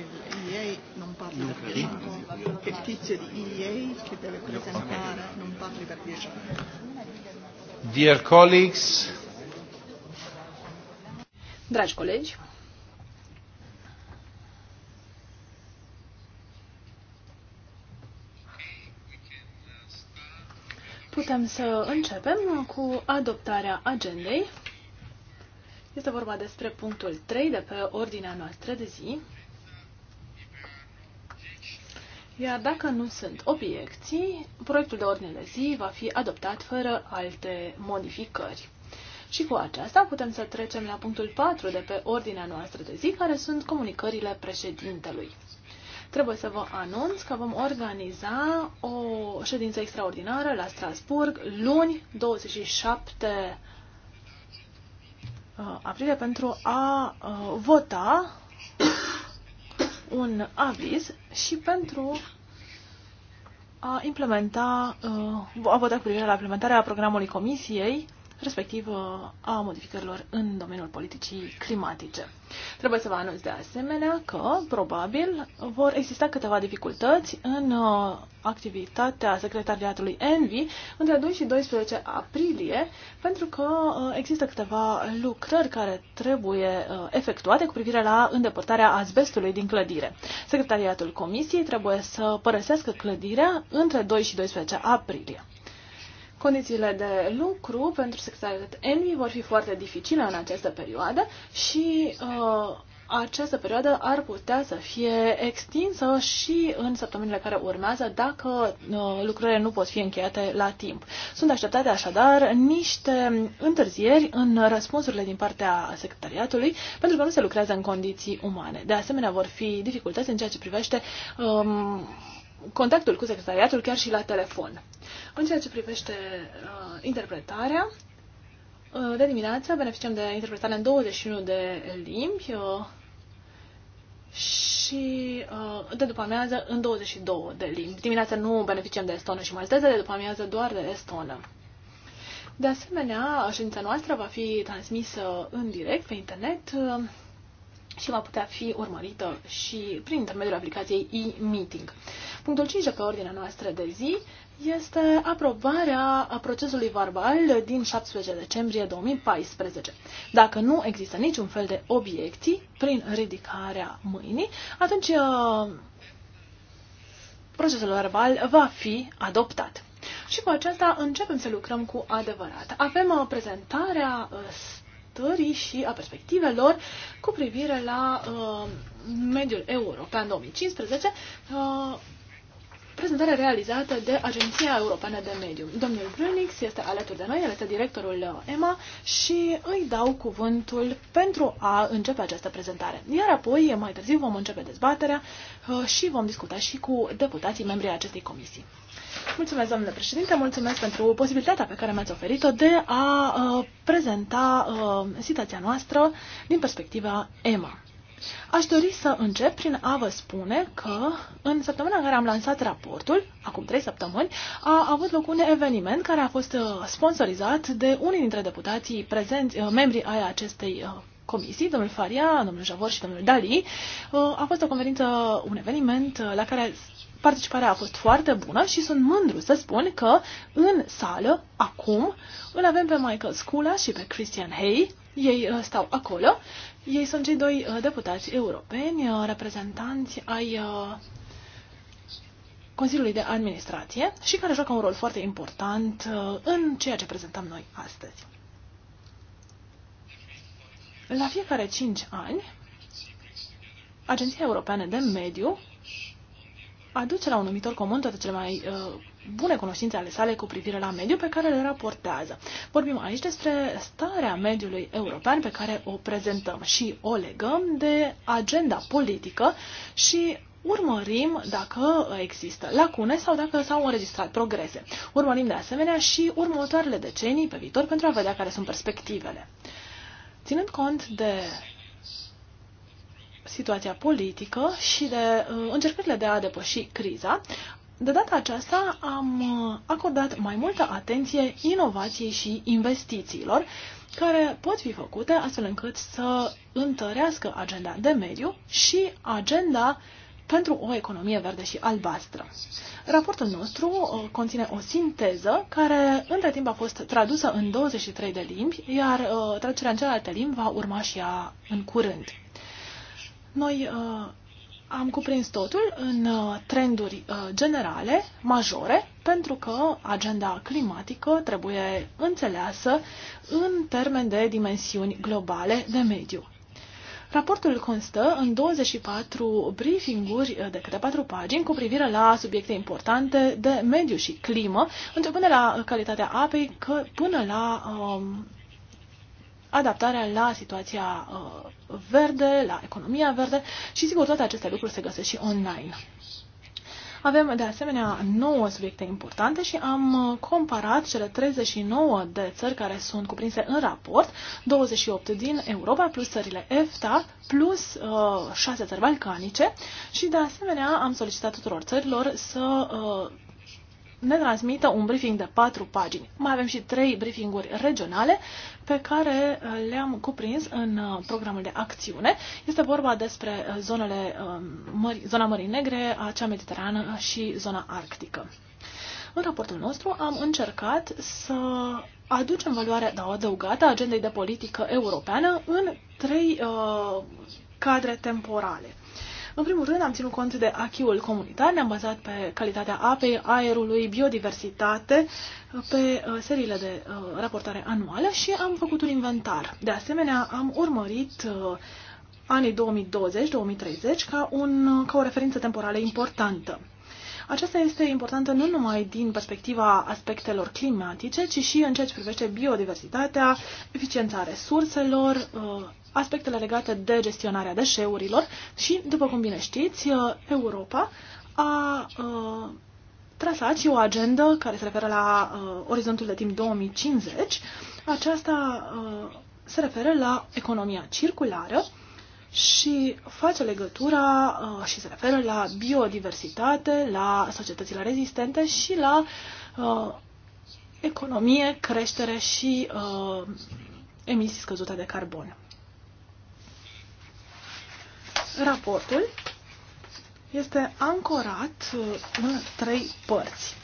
il non parli per tempo, che il tizio di EA che deve presentare non parli per 10 minuti. Dear colleagues, Dragi colleghi, putem să începem cu adoptarea agendei. Este vorba despre punctul 3 de pe ordinea noastră de zi. Iar dacă nu sunt obiecții, proiectul de ordine de zi va fi adoptat fără alte modificări. Și cu aceasta putem să trecem la punctul 4 de pe ordinea noastră de zi, care sunt comunicările președintelui. Trebuie să vă anunț că vom organiza o ședință extraordinară la Strasburg luni 27 uh, aprilie pentru a uh, vota un aviz și pentru a implementa, uh, a vota cu privire la implementarea programului Comisiei respectiv uh, a modificărilor în domeniul politicii climatice. Trebuie să vă anunț de asemenea că, probabil, vor exista câteva dificultăți în uh, activitatea secretariatului Envi între 2 și 12 aprilie, pentru că uh, există câteva lucrări care trebuie efectuate cu privire la îndepărtarea azbestului din clădire. Secretariatul Comisiei trebuie să părăsească clădirea între 2 și 12 aprilie. Condițiile de lucru pentru sexualitate Envy vor fi foarte dificile în această perioadă și uh, această perioadă ar putea să fie extinsă și în săptămânile care urmează dacă uh, lucrurile nu pot fi încheiate la timp. Sunt așteptate așadar niște întârzieri în răspunsurile din partea secretariatului pentru că nu se lucrează în condiții umane. De asemenea, vor fi dificultăți în ceea ce privește um, contactul cu secretariatul chiar și la telefon. În ceea ce privește uh, interpretarea, uh, de dimineață beneficiem de interpretare în 21 de limbi uh, și uh, de după amiază în 22 de limbi. Dimineața nu beneficiem de estonă și malteză, de după amiază doar de estonă. De asemenea, ședința noastră va fi transmisă în direct pe internet. Uh, și va putea fi urmărită și prin intermediul aplicației e-meeting. Punctul 5 de pe ordinea noastră de zi este aprobarea procesului verbal din 17 decembrie 2014. Dacă nu există niciun fel de obiecții prin ridicarea mâinii, atunci uh, procesul verbal va fi adoptat. Și cu aceasta începem să lucrăm cu adevărat. Avem uh, prezentarea uh, așteptării și a perspectivelor cu privire la uh, mediul european 2015, uh, prezentare realizată de Agenția Europeană de Mediu. Domnul Brunix este alături de noi, el este directorul uh, EMA și îi dau cuvântul pentru a începe această prezentare. Iar apoi, mai târziu, vom începe dezbaterea uh, și vom discuta și cu deputații membrii acestei comisii. Mulțumesc, domnule președinte, mulțumesc pentru posibilitatea pe care mi-ați oferit-o de a uh, prezenta uh, situația noastră din perspectiva EMA. Aș dori să încep prin a vă spune că în săptămâna în care am lansat raportul, acum trei săptămâni, a avut loc un eveniment care a fost uh, sponsorizat de unii dintre deputații prezenți, uh, membrii ai acestei uh, comisii, domnul Faria, domnul Javor și domnul Dali, uh, a fost o conferință, un eveniment uh, la care participarea a fost foarte bună și sunt mândru să spun că în sală, acum, îl avem pe Michael Scula și pe Christian Hay, ei uh, stau acolo, ei sunt cei doi deputați europeni, reprezentanți ai Consiliului de Administrație și care joacă un rol foarte important în ceea ce prezentăm noi astăzi. La fiecare 5 ani, Agenția Europeană de Mediu aduce la un numitor comun toate cele mai uh, bune cunoștințe ale sale cu privire la mediu pe care le raportează. Vorbim aici despre starea mediului european pe care o prezentăm și o legăm de agenda politică și urmărim dacă există lacune sau dacă s-au înregistrat progrese. Urmărim de asemenea și următoarele decenii pe viitor pentru a vedea care sunt perspectivele. Ținând cont de situația politică și de uh, încercările de a depăși criza, de data aceasta am uh, acordat mai multă atenție inovației și investițiilor care pot fi făcute astfel încât să întărească agenda de mediu și agenda uh, pentru o economie verde și albastră. Raportul nostru uh, conține o sinteză care între timp a fost tradusă în 23 de limbi, iar uh, traducerea în celelalte limbi va urma și ea în curând. Noi uh, am cuprins totul în trenduri generale, majore, pentru că agenda climatică trebuie înțeleasă în termen de dimensiuni globale de mediu. Raportul constă în 24 briefinguri eh, de câte 4 pagini cu privire la subiecte importante de mediu și climă, începând de la calitatea apei că până la um, adaptarea la situația uh, verde, la economia verde și sigur toate aceste lucruri se găsesc și online. Avem de asemenea 9 subiecte importante și am uh, comparat cele 39 de țări care sunt cuprinse în raport, 28 din Europa plus țările EFTA plus uh, 6 țări balcanice și de asemenea am solicitat tuturor țărilor să uh, ne transmită un briefing de patru pagini. Mai avem și trei briefinguri regionale pe care uh, le-am cuprins în uh, programul de acțiune. Este vorba despre uh, zonele, um, zona Mării Negre, acea mediterană și zona arctică. În raportul nostru am încercat să aducem valoarea adăugată a agendei de politică europeană în trei uh, cadre temporale. În primul rând, am ținut cont de achiul comunitar, ne-am bazat pe calitatea apei, aerului, biodiversitate, pe uh, seriile de uh, raportare anuală și am făcut un inventar. De asemenea, am urmărit uh, anii 2020-2030 ca, un, ca o referință temporală importantă. Aceasta este importantă nu numai din perspectiva aspectelor climatice, ci și în ceea ce privește biodiversitatea, eficiența resurselor, aspectele legate de gestionarea deșeurilor și, după cum bine știți, uh, Europa a uh, trasat și o agendă care se referă la uh, orizontul de timp 2050. Aceasta se referă la economia circulară și face legătura și se referă la biodiversitate, la societățile rezistente și la economie, creștere și uh, emisii scăzute de carbon. Raportul este ancorat uh, în trei părți.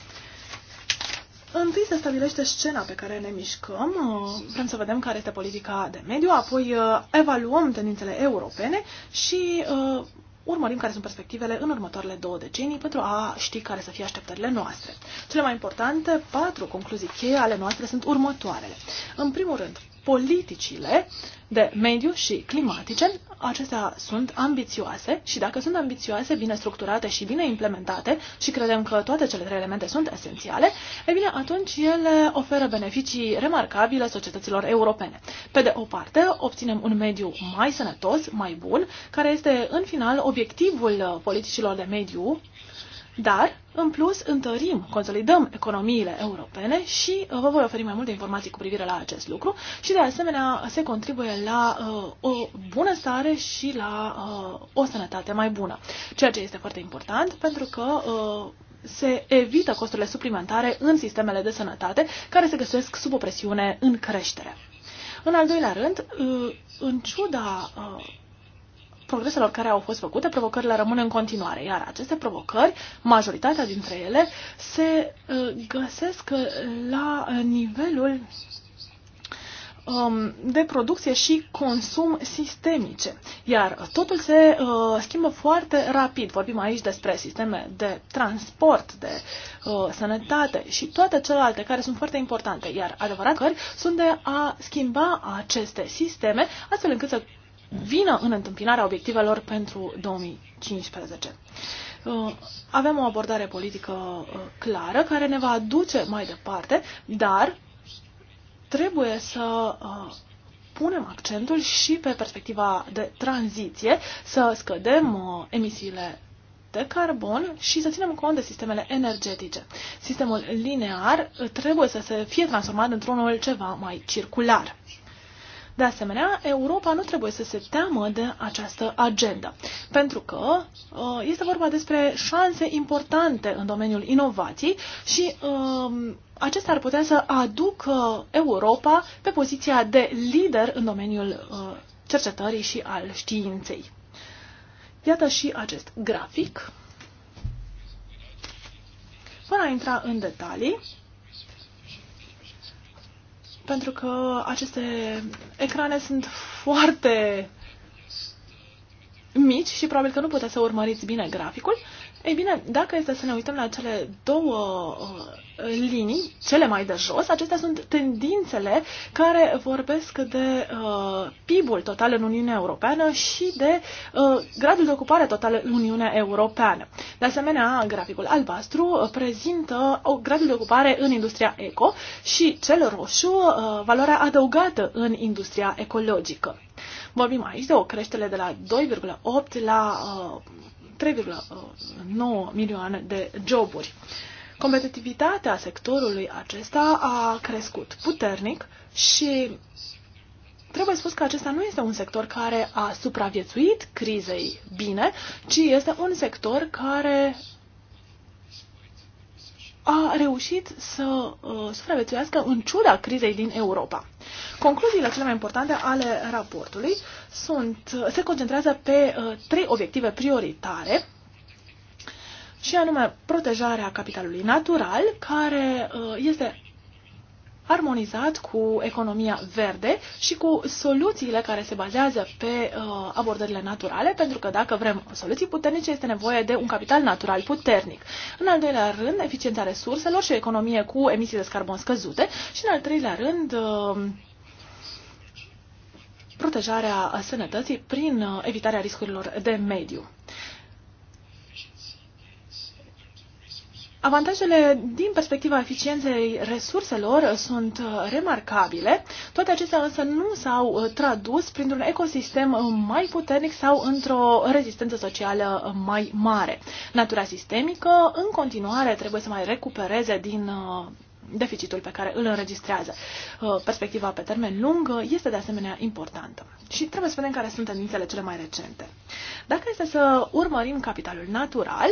Întâi se stabilește scena pe care ne mișcăm, uh, vrem să vedem care este politica de mediu, apoi uh, evaluăm tendințele europene și urmărim care sunt perspectivele în următoarele două decenii pentru a ști care să fie așteptările noastre. Cele mai importante patru concluzii cheie ale noastre sunt următoarele. În primul rând, politicile de mediu și climatice, acestea sunt ambițioase și dacă sunt ambițioase, bine structurate și bine implementate și credem că toate cele trei elemente sunt esențiale, e bine, atunci ele oferă beneficii remarcabile societăților europene. Pe de o parte, obținem un mediu mai sănătos, mai bun, care este în final obiectivul politicilor de mediu dar, în plus, întărim, consolidăm economiile europene și uh, vă voi oferi mai multe informații cu privire la acest lucru și, de asemenea, se contribuie la uh, o bună stare și la uh, o sănătate mai bună, ceea ce este foarte important pentru că uh, se evită costurile suplimentare în sistemele de sănătate care se găsesc sub o presiune în creștere. În al doilea rând, uh, în ciuda uh, progreselor care au fost făcute, provocările rămân în continuare, iar aceste provocări, majoritatea dintre ele, se uh, găsesc uh, la uh, nivelul um, de producție și consum sistemice. Iar totul se uh, schimbă foarte rapid. Vorbim aici despre sisteme de transport, de uh, sănătate și toate celelalte care sunt foarte importante. Iar adevărat că sunt de a schimba aceste sisteme astfel încât să vină în întâmpinarea obiectivelor pentru 2015. Uh, avem o abordare politică uh, clară care ne va aduce mai departe, dar trebuie să uh, punem accentul și pe perspectiva de tranziție, să scădem emisiile de carbon și să ținem cont de sistemele energetice. Sistemul linear trebuie să se fie transformat într-unul ceva mai circular. De asemenea, Europa nu trebuie să se teamă de această agendă, pentru că uh, este vorba despre șanse importante în domeniul inovației și um, acesta ar putea să aducă Europa pe poziția de lider în domeniul uh, cercetării și al științei. Iată și acest grafic. Fără a intra în detalii, pentru că aceste ecrane sunt foarte mici și probabil că nu puteți să urmăriți bine graficul. Ei bine, dacă este să ne uităm la cele două uh, linii, cele mai de jos, acestea sunt tendințele care vorbesc de uh, PIB-ul total în Uniunea Europeană și de uh, gradul de ocupare total în Uniunea Europeană. De asemenea, graficul albastru uh, prezintă o gradul de ocupare în industria eco și cel roșu uh, valoarea adăugată în industria ecologică. Vorbim aici de o creștere de la 2,8 la uh, 3,9 uh, milioane de joburi. Competitivitatea sectorului acesta a crescut puternic și trebuie spus că acesta nu este un sector care a supraviețuit crizei bine, ci este un sector care a reușit să uh, supraviețuiască în ciuda crizei din Europa. Concluziile cele mai importante ale raportului sunt, uh, se concentrează pe uh, trei obiective prioritare și anume protejarea capitalului natural, care uh, este armonizat cu economia verde și cu soluțiile care se bazează pe uh, abordările naturale, pentru că dacă vrem soluții puternice, este nevoie de un capital natural puternic. În al doilea rând, eficiența resurselor și o economie cu emisii de carbon scăzute și în al treilea rând, uh, protejarea sănătății prin uh, evitarea riscurilor de mediu. Avantajele din perspectiva eficienței resurselor uh, sunt uh, remarcabile, toate acestea însă nu s-au uh, tradus printr-un ecosistem mai puternic sau într-o rezistență socială mai mare. Natura sistemică în continuare trebuie să mai recupereze din deficitul pe care îl înregistrează. Uh, perspectiva pe termen lung este de asemenea importantă și trebuie să vedem care sunt tendințele cele mai recente. Dacă este să urmărim capitalul natural,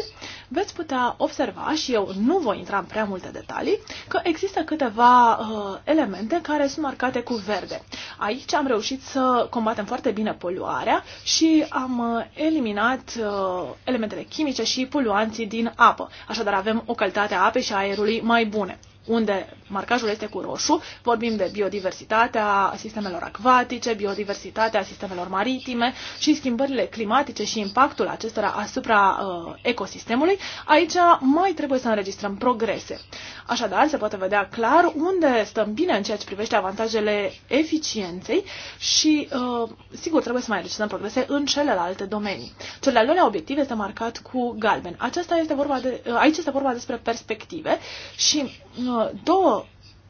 veți putea observa, și eu nu voi intra în prea multe detalii, că există câteva uh, elemente care sunt marcate cu verde. Aici am reușit să combatem foarte bine poluarea și am uh, eliminat uh, elementele chimice și poluanții din apă. Așadar avem o calitate a apei și a aerului mai bune unde marcajul este cu roșu, vorbim de biodiversitatea sistemelor acvatice, biodiversitatea sistemelor maritime și schimbările climatice și impactul acestora asupra uh, ecosistemului, aici mai trebuie să înregistrăm progrese. Așadar, se poate vedea clar unde stăm bine în ceea ce privește avantajele eficienței și, uh, sigur, trebuie să mai înregistrăm progrese în celelalte domenii. Cel de-al doilea obiectiv este marcat cu galben. Aceasta este vorba de, uh, aici este vorba despre perspective și uh, două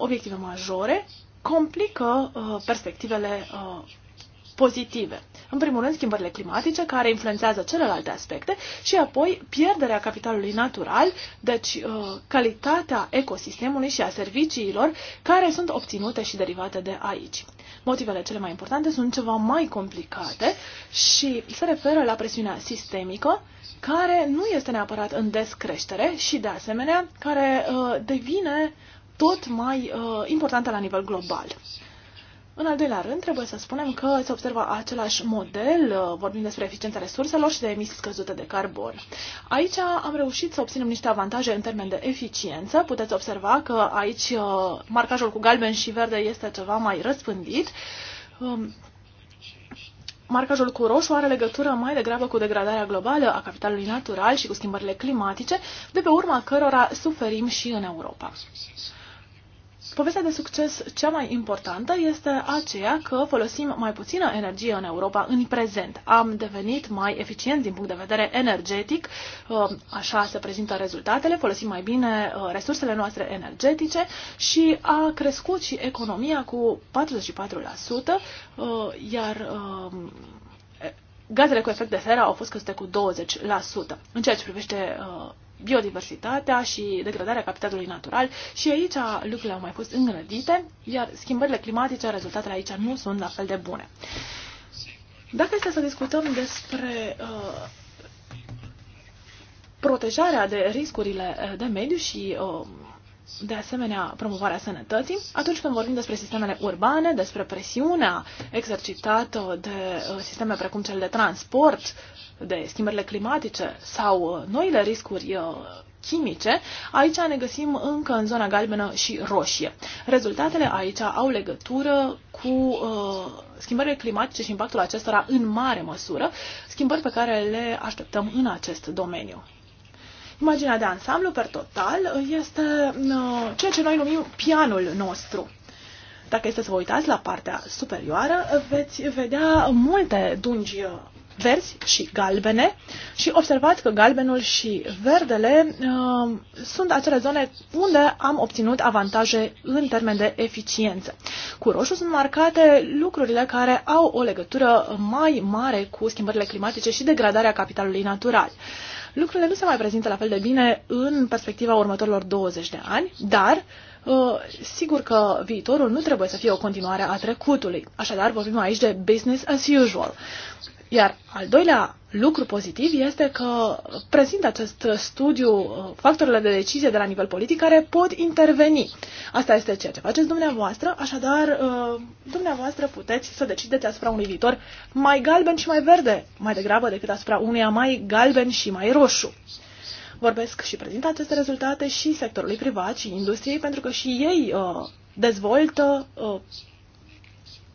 obiective majore complică uh, perspectivele uh, pozitive. În primul rând, schimbările climatice, care influențează celelalte aspecte, și apoi pierderea capitalului natural, deci uh, calitatea ecosistemului și a serviciilor care sunt obținute și derivate de aici. Motivele cele mai importante sunt ceva mai complicate și se referă la presiunea sistemică, care nu este neapărat în descreștere și, de asemenea, care uh, devine uh, tot mai uh, importantă la nivel global. În al doilea rând, trebuie să spunem că se observă același model, uh, vorbim despre eficiența resurselor și de emisii scăzute de carbon. Aici am reușit să obținem niște avantaje în termen de eficiență. Puteți observa că aici uh, marcajul cu galben și verde este ceva mai răspândit. Um, marcajul cu roșu are legătură mai degrabă cu degradarea globală a capitalului natural și cu schimbările climatice, de pe urma cărora suferim și în Europa. Povestea de succes cea mai importantă este aceea că folosim mai puțină energie în Europa în prezent. Am devenit mai eficienți din punct de vedere energetic, uh, așa se prezintă rezultatele, folosim mai bine uh, resursele noastre energetice și a crescut și economia cu 44%, uh, iar gazele cu efect de seră au fost crescute cu 20%. În ceea ce privește biodiversitatea și degradarea capitalului natural și aici lucrurile au mai fost îngrădite, iar schimbările climatice, rezultatele aici nu sunt la fel de bune. Dacă este să discutăm despre uh, protejarea de riscurile uh, de mediu și uh, de asemenea promovarea sănătății, atunci când vorbim despre sistemele urbane, despre presiunea exercitată de uh, sisteme precum cel de transport de schimbările climatice sau uh, noile riscuri uh, chimice, aici ne găsim încă în zona galbenă și roșie. Rezultatele aici au legătură cu uh, schimbările climatice și impactul acestora în mare măsură, schimbări pe care le așteptăm în acest domeniu. Imaginea de ansamblu, per total, este uh, ceea ce noi numim pianul nostru. Dacă este să vă uitați la partea superioară, veți vedea multe dungi uh, verzi și galbene și observați că galbenul și verdele uh, sunt acele zone unde am obținut avantaje în termen de eficiență. Cu roșu sunt marcate lucrurile care au o legătură mai mare cu schimbările climatice și degradarea capitalului natural. Lucrurile nu se mai prezintă la fel de bine în perspectiva următorilor 20 de ani, dar uh, sigur că viitorul nu trebuie să fie o continuare a trecutului. Așadar, vorbim aici de business as usual. Iar al doilea lucru pozitiv este că prezintă acest studiu uh, factorile de decizie de la nivel politic care pot interveni. Asta este ceea ce faceți dumneavoastră, așadar uh, dumneavoastră puteți să decideți asupra unui viitor mai galben și mai verde, mai degrabă decât asupra uneia mai galben și mai roșu. Vorbesc și prezint aceste rezultate și sectorului privat și industriei, pentru că și ei uh, dezvoltă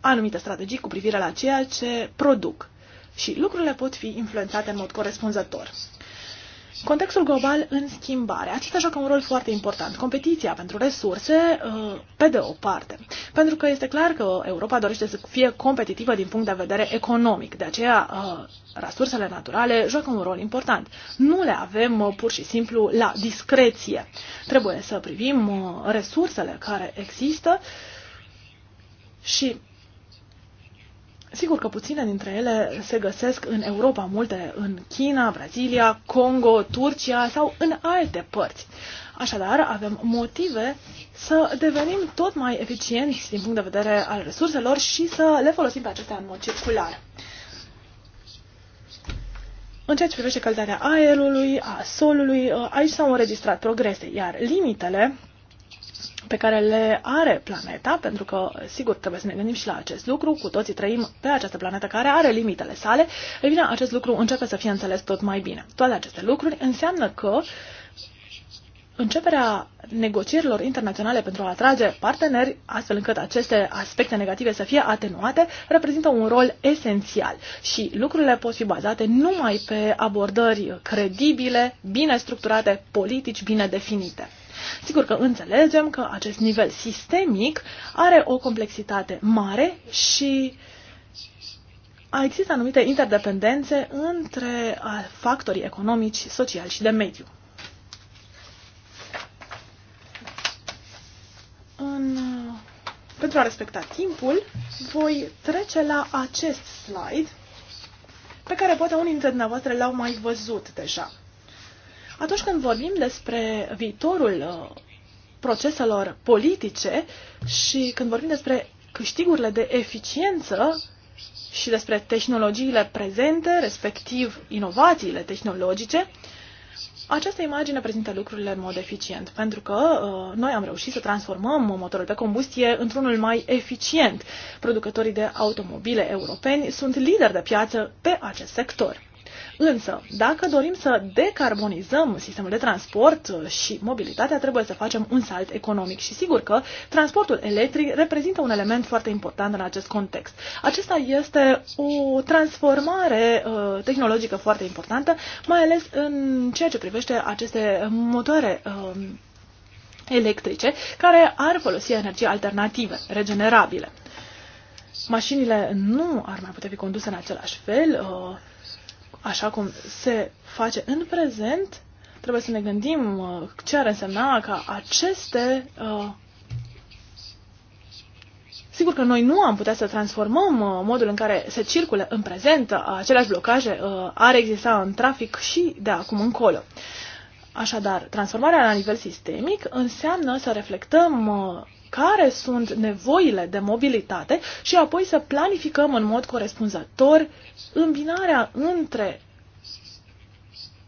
anumite strategii cu privire la ceea ce produc și lucrurile pot fi influențate în mod corespunzător. Contextul global în schimbare. Acesta joacă un rol foarte important. Competiția pentru resurse, uh, pe de o parte. Pentru că este clar că Europa dorește să fie competitivă din punct de vedere economic. De aceea, uh, resursele naturale joacă un rol important. Nu le avem uh, pur și simplu la discreție. Trebuie să privim resursele care există și Sigur că puține dintre ele se găsesc în Europa, multe în China, Brazilia, Congo, Turcia sau în alte părți. Așadar, avem motive să devenim tot mai eficienți din punct de vedere al resurselor și să le folosim pe acestea în mod circular. În ceea ce privește calitatea aerului, a solului, aici s-au înregistrat progrese, iar limitele pe care le are planeta, pentru că, sigur, trebuie să ne gândim și la acest lucru, cu toții trăim pe această planetă care are limitele sale, ei bine, acest lucru începe să fie înțeles tot mai bine. Toate aceste lucruri înseamnă că începerea negocierilor internaționale pentru a atrage parteneri, astfel încât aceste aspecte negative să fie atenuate, reprezintă un rol esențial și lucrurile pot fi bazate numai pe abordări credibile, bine structurate, politici bine definite. Sigur că înțelegem că acest nivel sistemic are o complexitate mare și a existat anumite interdependențe între factorii economici, sociali și de mediu. În... Pentru a respecta timpul, voi trece la acest slide pe care poate unii dintre dumneavoastră l-au mai văzut deja. Atunci când vorbim despre viitorul uh, proceselor politice și când vorbim despre câștigurile de eficiență și despre tehnologiile prezente, respectiv inovațiile tehnologice, această imagine prezintă lucrurile în mod eficient, pentru că uh, noi am reușit să transformăm motorul de combustie într-unul mai eficient. Producătorii de automobile europeni sunt lideri de piață pe acest sector. Însă, dacă dorim să decarbonizăm sistemul de transport și mobilitatea, trebuie să facem un salt economic și sigur că transportul electric reprezintă un element foarte important în acest context. Acesta este o transformare uh, tehnologică foarte importantă, mai ales în ceea ce privește aceste motoare uh, electrice care ar folosi energie alternative, regenerabile. Mașinile nu ar mai putea fi conduse în același fel, uh, așa cum se face în prezent, trebuie să ne gândim uh, ce ar însemna ca aceste uh, Sigur că noi nu am putea să transformăm uh, modul în care se circulă în prezent uh, aceleași blocaje, uh, ar exista în trafic și de acum încolo. Așadar, transformarea la nivel sistemic înseamnă să reflectăm uh, care sunt nevoile de mobilitate și apoi să planificăm în mod corespunzător îmbinarea între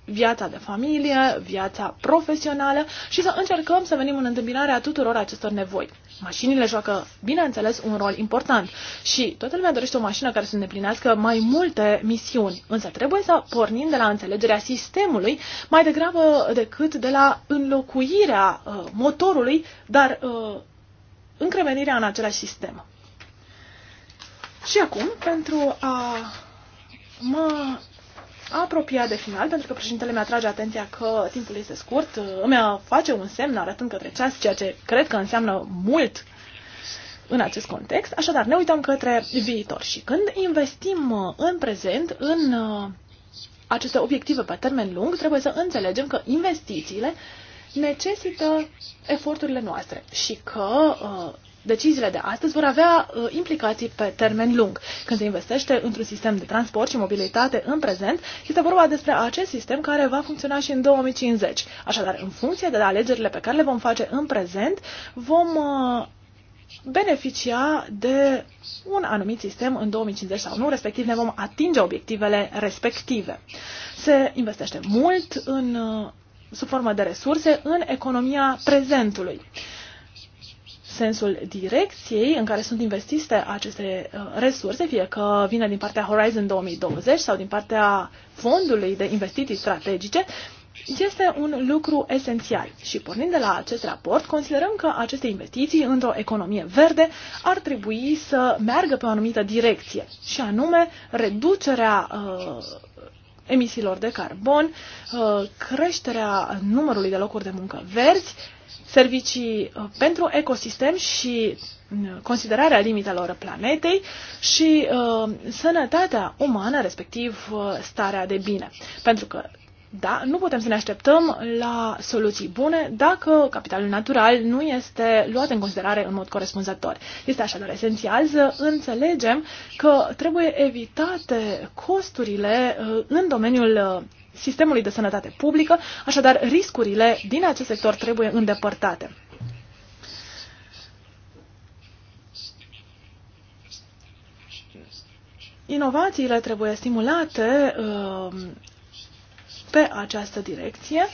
viața de familie, viața profesională și să încercăm să venim în întâmpinarea tuturor acestor nevoi. Mașinile joacă, bineînțeles, un rol important și toată lumea dorește o mașină care să îndeplinească mai multe misiuni, însă trebuie să pornim de la înțelegerea sistemului mai degrabă decât de la înlocuirea uh, motorului, dar uh, încremenirea în același sistem. Și acum, pentru a mă apropia de final, pentru că președintele mi atrage atenția că timpul este scurt, îmi face un semn arătând către ceas, ceea ce cred că înseamnă mult în acest context. Așadar, ne uităm către viitor și când investim în prezent în uh, aceste obiective pe termen lung, trebuie să înțelegem că investițiile necesită eforturile noastre și că uh, deciziile de astăzi vor avea uh, implicații pe termen lung. Când se investește într-un sistem de transport și mobilitate în prezent, este vorba despre acest sistem care va funcționa și în 2050. Așadar, în funcție de alegerile pe care le vom face în prezent, vom uh, beneficia de un anumit sistem în 2050 sau nu, respectiv ne vom atinge obiectivele respective. Se investește mult în uh, sub formă de resurse în economia prezentului. Sensul direcției în care sunt investite aceste uh, resurse, fie că vine din partea Horizon 2020 sau din partea fondului de investiții strategice, este un lucru esențial și pornind de la acest raport, considerăm că aceste investiții într-o economie verde ar trebui să meargă pe o anumită direcție și anume reducerea uh, emisiilor de carbon, uh, creșterea numărului de locuri de muncă verzi, servicii uh, pentru ecosistem și uh, considerarea limitelor planetei și uh, sănătatea umană, respectiv uh, starea de bine. Pentru că da, nu putem să ne așteptăm la soluții bune dacă capitalul natural nu este luat în considerare în mod corespunzător. Este așadar esențial să înțelegem că trebuie evitate costurile uh, în domeniul uh, sistemului de sănătate publică, așadar riscurile din acest sector trebuie îndepărtate. Inovațiile trebuie stimulate uh, pe această direcție,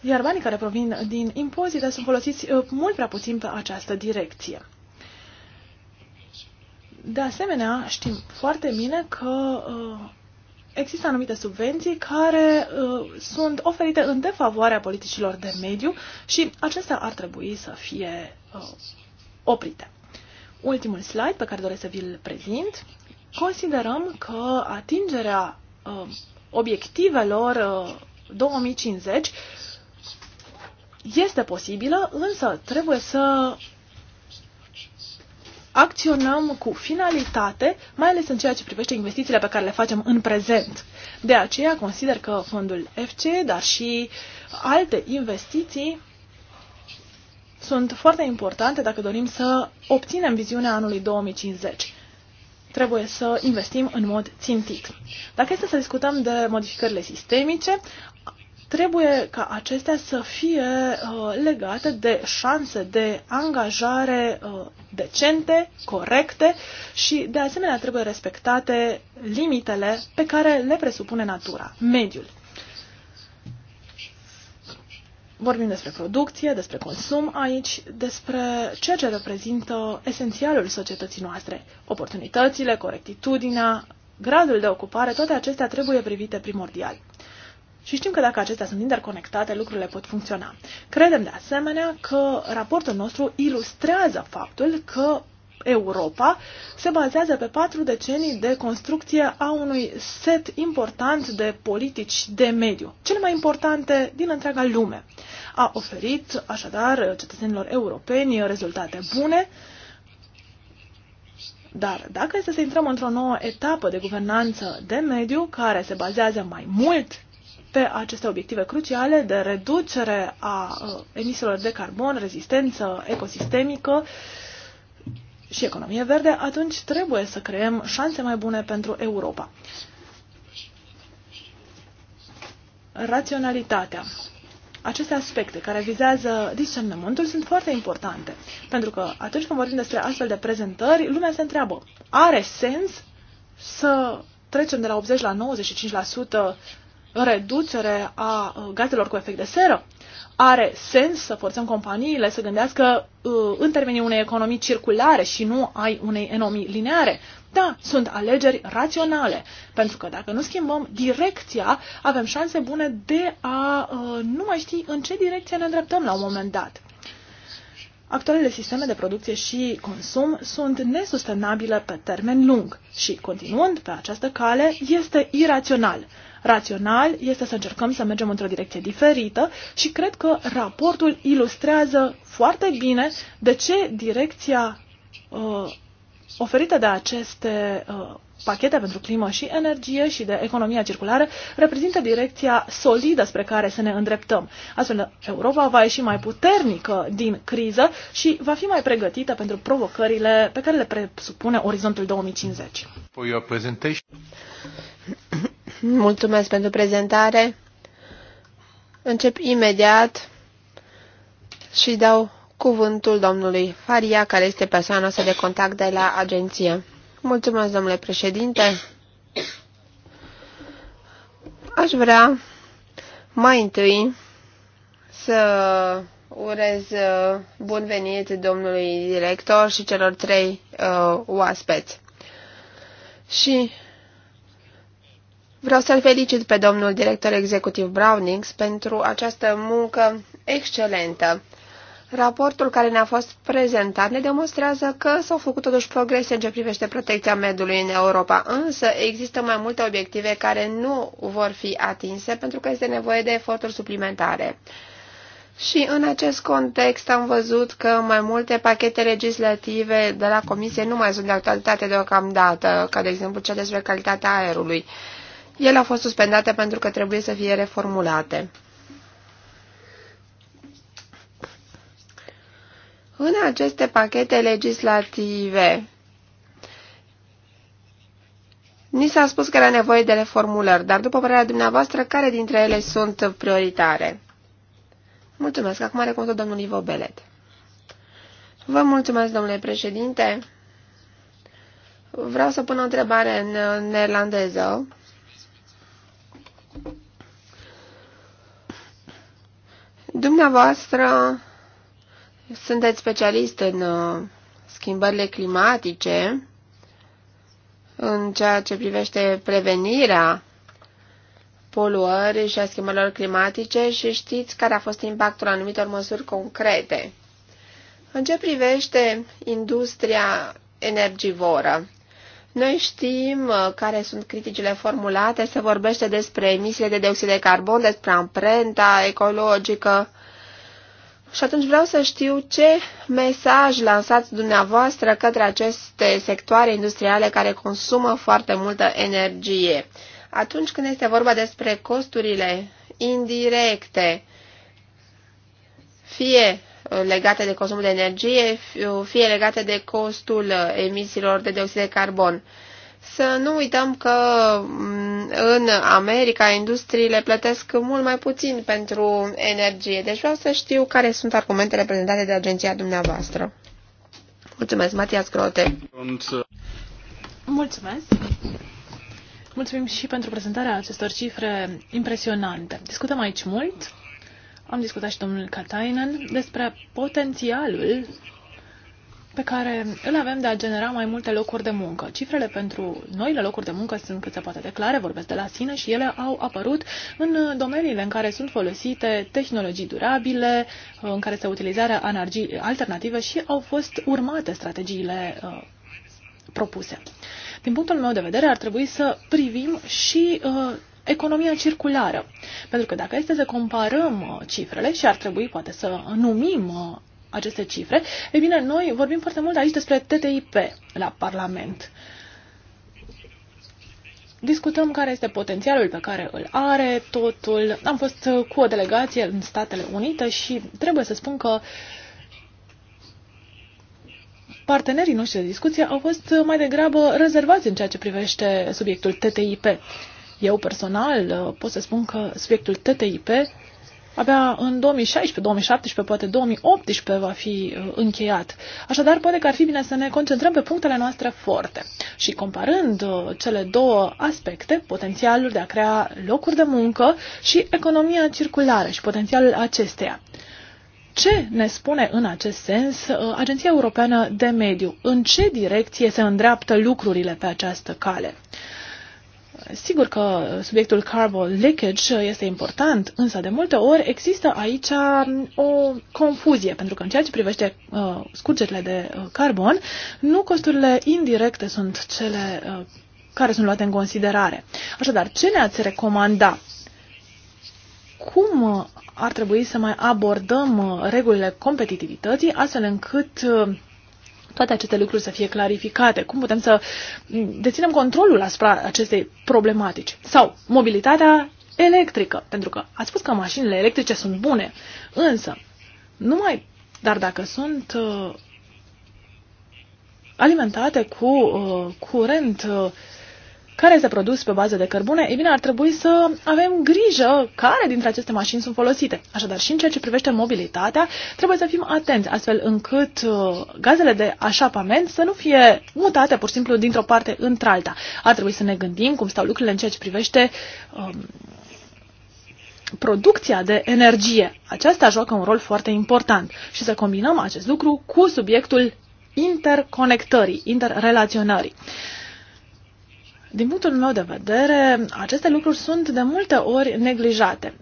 iar banii care provin din impozite sunt folosiți uh, mult prea puțin pe această direcție. De asemenea, știm foarte bine că uh, există anumite subvenții care uh, sunt oferite în defavoarea politicilor de mediu și acestea ar trebui să fie oprite. Ultimul slide pe care doresc să vi-l prezint. Considerăm că atingerea obiectivelor 2050 uh, este posibilă, însă trebuie să acționăm cu finalitate, mai ales în ceea ce privește investițiile pe care le facem în prezent. De aceea consider că fondul FC, dar și alte investiții sunt foarte importante dacă dorim să obținem viziunea anului 2050 trebuie să investim în mod țintit. Dacă este să discutăm de modificările sistemice, trebuie ca acestea să fie uh, legate de șanse de angajare uh, decente, corecte și de asemenea trebuie respectate limitele pe care le presupune natura, mediul. Vorbim despre producție, despre consum aici, despre ceea ce reprezintă esențialul societății noastre. Oportunitățile, corectitudinea, gradul de ocupare, toate acestea trebuie privite primordial. Și știm că dacă acestea sunt interconectate, lucrurile pot funcționa. Credem de asemenea că raportul nostru ilustrează faptul că Europa se bazează pe patru decenii de construcție a unui set important de politici de mediu, cele mai importante din întreaga lume. A oferit așadar cetățenilor europeni rezultate bune, dar dacă este să intrăm într-o nouă etapă de guvernanță de mediu care se bazează mai mult pe aceste obiective cruciale de reducere a uh, emisiilor de carbon, rezistență ecosistemică, uh, și economie verde, atunci trebuie să creăm șanse mai bune pentru Europa. Raționalitatea. Aceste aspecte care vizează discernământul sunt foarte importante, pentru că atunci când vorbim despre astfel de prezentări, lumea se întreabă, are sens să trecem de la 80 la 95% reducere a gazelor cu efect de seră? Are sens să forțăm companiile să gândească uh, în termenii unei economii circulare și nu ai unei economii lineare. Da, sunt alegeri raționale, pentru că dacă nu schimbăm direcția, avem șanse bune de a uh, nu mai ști în ce direcție ne îndreptăm la un moment dat. Actualele sisteme de producție și consum sunt nesustenabile pe termen lung și, continuând pe această cale, este irațional rațional este să încercăm să mergem într-o direcție diferită și cred că raportul ilustrează foarte bine de ce direcția uh, oferită de aceste uh, pachete pentru climă și energie și de economia circulară reprezintă direcția solidă spre care să ne îndreptăm. Astfel, Europa va ieși mai puternică din criză și va fi mai pregătită pentru provocările pe care le presupune orizontul 2050. Mulțumesc pentru prezentare. Încep imediat și dau cuvântul domnului Faria, care este persoana noastră de contact de la agenție. Mulțumesc, domnule președinte. Aș vrea mai întâi să urez uh, bun venit domnului director și celor trei uh, oaspeți. Și Vreau să-l felicit pe domnul director executiv Brownings pentru această muncă excelentă. Raportul care ne-a fost prezentat ne demonstrează că s-au făcut totuși progrese în ce privește protecția mediului în Europa, însă există mai multe obiective care nu vor fi atinse pentru că este nevoie de eforturi suplimentare. Și în acest context am văzut că mai multe pachete legislative de la Comisie nu mai sunt de actualitate deocamdată, ca de exemplu cea despre calitatea aerului. Ele au fost suspendate pentru că trebuie să fie reformulate. În aceste pachete legislative, Ni s-a spus că era nevoie de reformulări, dar după părerea dumneavoastră, care dintre ele sunt prioritare? Mulțumesc. Acum are cuvântul domnul Ivo Belet. Vă mulțumesc, domnule președinte. Vreau să pun o întrebare în neerlandeză. Dumneavoastră sunteți specialist în uh, schimbările climatice, în ceea ce privește prevenirea poluării și a schimbărilor climatice și știți care a fost impactul anumitor măsuri concrete. În ce privește industria energivoră, noi știm uh, care sunt criticile formulate, se vorbește despre emisiile de dioxid de carbon, despre amprenta ecologică. Și atunci vreau să știu ce mesaj lansați dumneavoastră către aceste sectoare industriale care consumă foarte multă energie. Atunci când este vorba despre costurile indirecte, fie Uh, legate de consumul de energie, uh, fie legate de costul uh, emisiilor de dioxid de carbon. Să nu uităm că mm, în America industriile plătesc mult mai puțin pentru energie, deci vreau să știu care sunt argumentele prezentate de agenția dumneavoastră. Mulțumesc, Matias Grote. Mulțumesc. Mulțumim și pentru prezentarea acestor cifre impresionante. Discutăm aici mult am discutat și domnul Katainen despre potențialul pe care îl avem de a genera mai multe locuri de muncă. Cifrele pentru noile locuri de muncă sunt cât se poate declare, vorbesc de la sine și ele au apărut în domeniile în care sunt folosite tehnologii durabile, în care se utilizează energii alternative și au fost urmate strategiile uh, propuse. Din punctul meu de vedere, ar trebui să privim și uh, economia circulară. Pentru că dacă este să comparăm uh, cifrele și ar trebui poate să numim uh, aceste cifre, e bine, noi vorbim foarte mult aici despre TTIP la Parlament. Discutăm care este potențialul pe care îl are totul. Am fost uh, cu o delegație în Statele Unite și trebuie să spun că partenerii noștri de discuție au fost mai degrabă rezervați în ceea ce privește subiectul TTIP. Eu personal uh, pot să spun că subiectul TTIP abia în 2016, 2017, poate 2018 va fi uh, încheiat. Așadar, poate că ar fi bine să ne concentrăm pe punctele noastre forte. Și comparând uh, cele două aspecte, potențialul de a crea locuri de muncă și economia circulară și potențialul acesteia. Ce ne spune în acest sens Agenția Europeană de Mediu? În ce direcție se îndreaptă lucrurile pe această cale? Sigur că subiectul carbon leakage este important, însă de multe ori există aici um, o confuzie, pentru că în ceea ce privește uh, scurgerile de uh, carbon, nu costurile indirecte sunt cele uh, care sunt luate în considerare. Așadar, ce ne-ați recomanda? Cum uh, ar trebui să mai abordăm uh, regulile competitivității astfel încât uh, toate aceste lucruri să fie clarificate, cum putem să deținem controlul asupra acestei problematici. Sau mobilitatea electrică, pentru că ați spus că mașinile electrice sunt bune, însă numai, dar dacă sunt uh, alimentate cu uh, curent uh, care este produs pe bază de cărbune, e bine, ar trebui să avem grijă care dintre aceste mașini sunt folosite. Așadar, și în ceea ce privește mobilitatea, trebuie să fim atenți, astfel încât uh, gazele de așapament să nu fie mutate pur și simplu dintr-o parte într-alta. Ar trebui să ne gândim cum stau lucrurile în ceea ce privește um, producția de energie. Aceasta joacă un rol foarte important și să combinăm acest lucru cu subiectul interconectării, interrelaționării. Din punctul meu de vedere, aceste lucruri sunt de multe ori neglijate.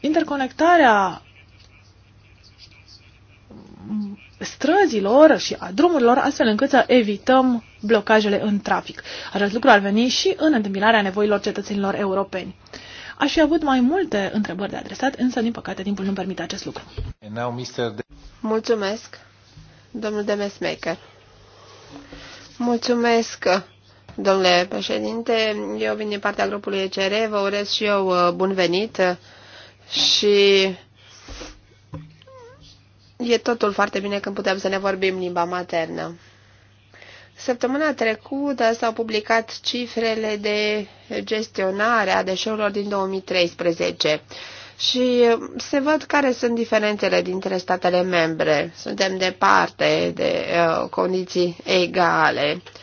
Interconectarea străzilor și a drumurilor, astfel încât să evităm blocajele în trafic. Acest lucru ar veni și în întâmpinarea nevoilor cetățenilor europeni. Aș fi avut mai multe întrebări de adresat, însă, din păcate, timpul nu permite acest lucru. Mulțumesc, domnul Demesmaker. Mulțumesc Domnule președinte, eu vin din partea grupului ECR, vă urez și eu uh, bun venit și e totul foarte bine când putem să ne vorbim limba maternă. Săptămâna trecută s-au publicat cifrele de gestionare a deșeurilor din 2013 și uh, se văd care sunt diferențele dintre statele membre. Suntem departe de uh, condiții egale. Uh,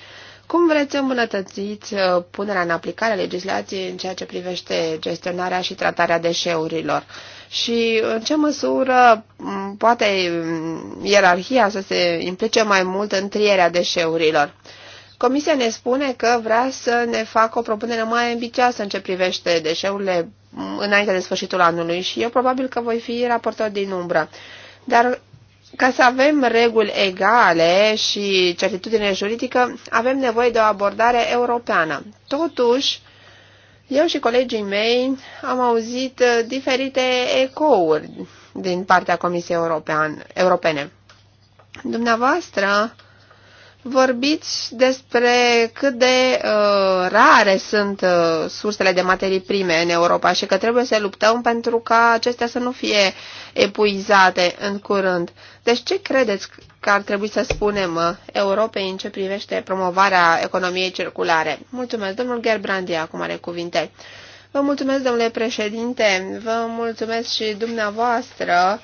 cum vreți să îmbunătățiți uh, punerea în aplicare a legislației în ceea ce privește gestionarea și tratarea deșeurilor? Și în ce măsură mm, poate mm, ierarhia să se implice mai mult în trierea deșeurilor? Comisia ne spune că vrea să ne facă o propunere mai ambicioasă în ce privește deșeurile mm, înainte de sfârșitul anului și eu probabil că voi fi raportor din umbră. Dar ca să avem reguli egale și certitudine juridică, avem nevoie de o abordare europeană. Totuși, eu și colegii mei am auzit uh, diferite ecouri din partea Comisiei Europeane. Europene. Dumneavoastră vorbiți despre cât de uh, rare sunt uh, sursele de materii prime în Europa și că trebuie să luptăm pentru ca acestea să nu fie epuizate în curând. Deci ce credeți că ar trebui să spunem uh, Europei în ce privește promovarea economiei circulare? Mulțumesc, domnul Gerbrandi, acum are cuvinte. Vă mulțumesc, domnule președinte, vă mulțumesc și dumneavoastră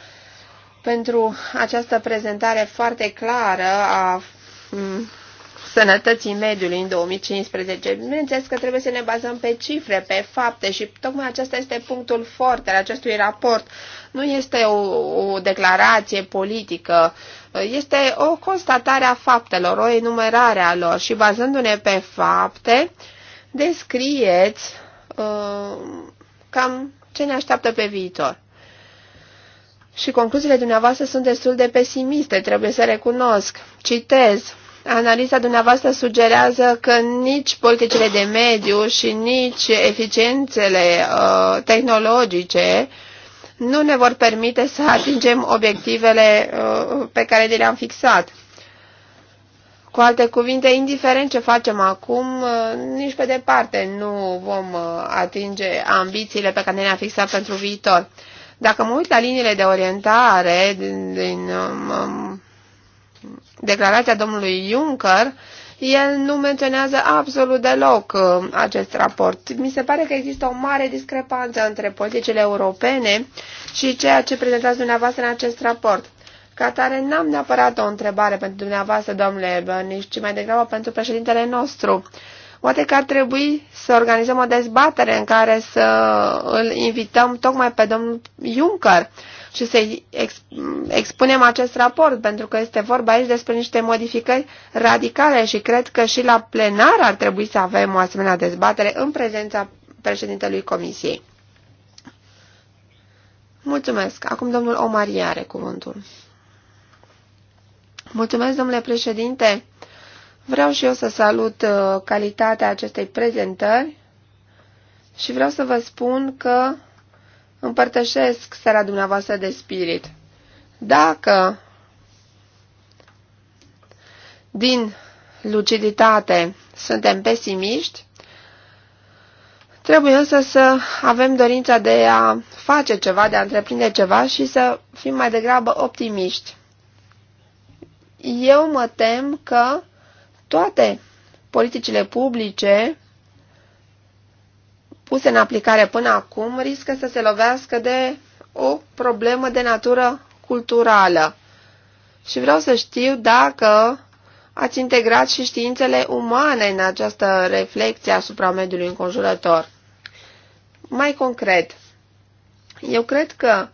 pentru această prezentare foarte clară a Mm. sănătății mediului în 2015. Bineînțeles că trebuie să ne bazăm pe cifre, pe fapte și tocmai acesta este punctul forte al acestui raport. Nu este o, o declarație politică, este o constatare a faptelor, o enumerare a lor și bazându-ne pe fapte, descrieți uh, cam ce ne așteaptă pe viitor și concluziile dumneavoastră sunt destul de pesimiste, trebuie să recunosc. Citez. Analiza dumneavoastră sugerează că nici politicile de mediu și nici eficiențele uh, tehnologice nu ne vor permite să atingem obiectivele uh, pe care le-am fixat. Cu alte cuvinte, indiferent ce facem acum, uh, nici pe departe nu vom uh, atinge ambițiile pe care le-am fixat pentru viitor. Dacă mă uit la liniile de orientare din, din um, um declarația domnului Juncker, el nu menționează absolut deloc uh, acest raport. Mi se pare că există o mare discrepanță între politicile europene și ceea ce prezentați dumneavoastră în acest raport. Ca tare, n-am neapărat o întrebare pentru dumneavoastră, domnule Băniș, ci mai degrabă pentru președintele nostru. Uh, Poate că ar trebui să organizăm o dezbatere în care să îl invităm tocmai pe domnul Juncker și să-i expunem acest raport, pentru că este vorba aici despre niște modificări radicale și cred că și la plenar ar trebui să avem o asemenea dezbatere în prezența președintelui Comisiei. Mulțumesc. Acum domnul Omarie are cuvântul. Mulțumesc, domnule președinte. Vreau și eu să salut uh, calitatea acestei prezentări și vreau să vă spun că împărtășesc seara dumneavoastră de spirit. Dacă din luciditate suntem pesimiști, trebuie însă să avem dorința de a face ceva, de a întreprinde ceva și să fim mai degrabă optimiști. Eu mă tem că toate politicile publice puse în aplicare până acum riscă să se lovească de o problemă de natură culturală. Și vreau să știu dacă ați integrat și științele umane în această reflexie asupra mediului înconjurător. Mai concret, eu cred că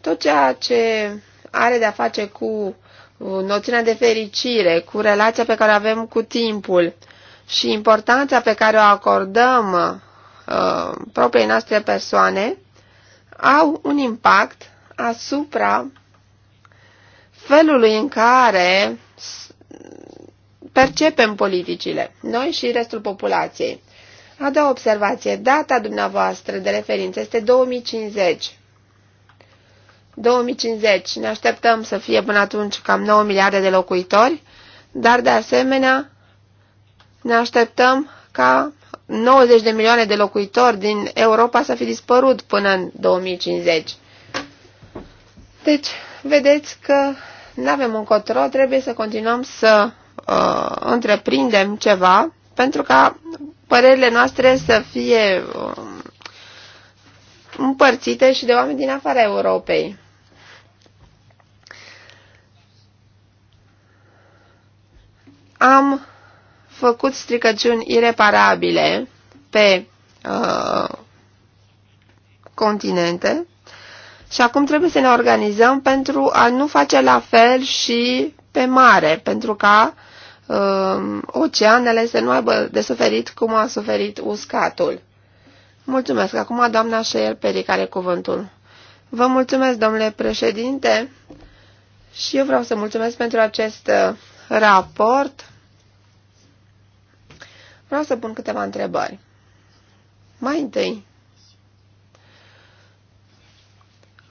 tot ceea ce are de-a face cu noțiunea de fericire, cu relația pe care o avem cu timpul și importanța pe care o acordăm uh, propriei noastre persoane, au un impact asupra felului în care percepem politicile, noi și restul populației. A doua observație, data dumneavoastră de referință este 2050. 2050 ne așteptăm să fie până atunci cam 9 miliarde de locuitori, dar de asemenea ne așteptăm ca 90 de milioane de locuitori din Europa să fi dispărut până în 2050. Deci, vedeți că nu avem încotro, trebuie să continuăm să uh, întreprindem ceva pentru ca părerile noastre să fie uh, împărțite și de oameni din afara Europei. am făcut stricăciuni ireparabile pe uh, continente și acum trebuie să ne organizăm pentru a nu face la fel și pe mare, pentru ca uh, oceanele să nu aibă de suferit cum a suferit uscatul. Mulțumesc. Acum doamna Șeier Peric are cuvântul. Vă mulțumesc, domnule președinte, și eu vreau să mulțumesc pentru acest uh, raport Vreau să pun câteva întrebări. Mai întâi,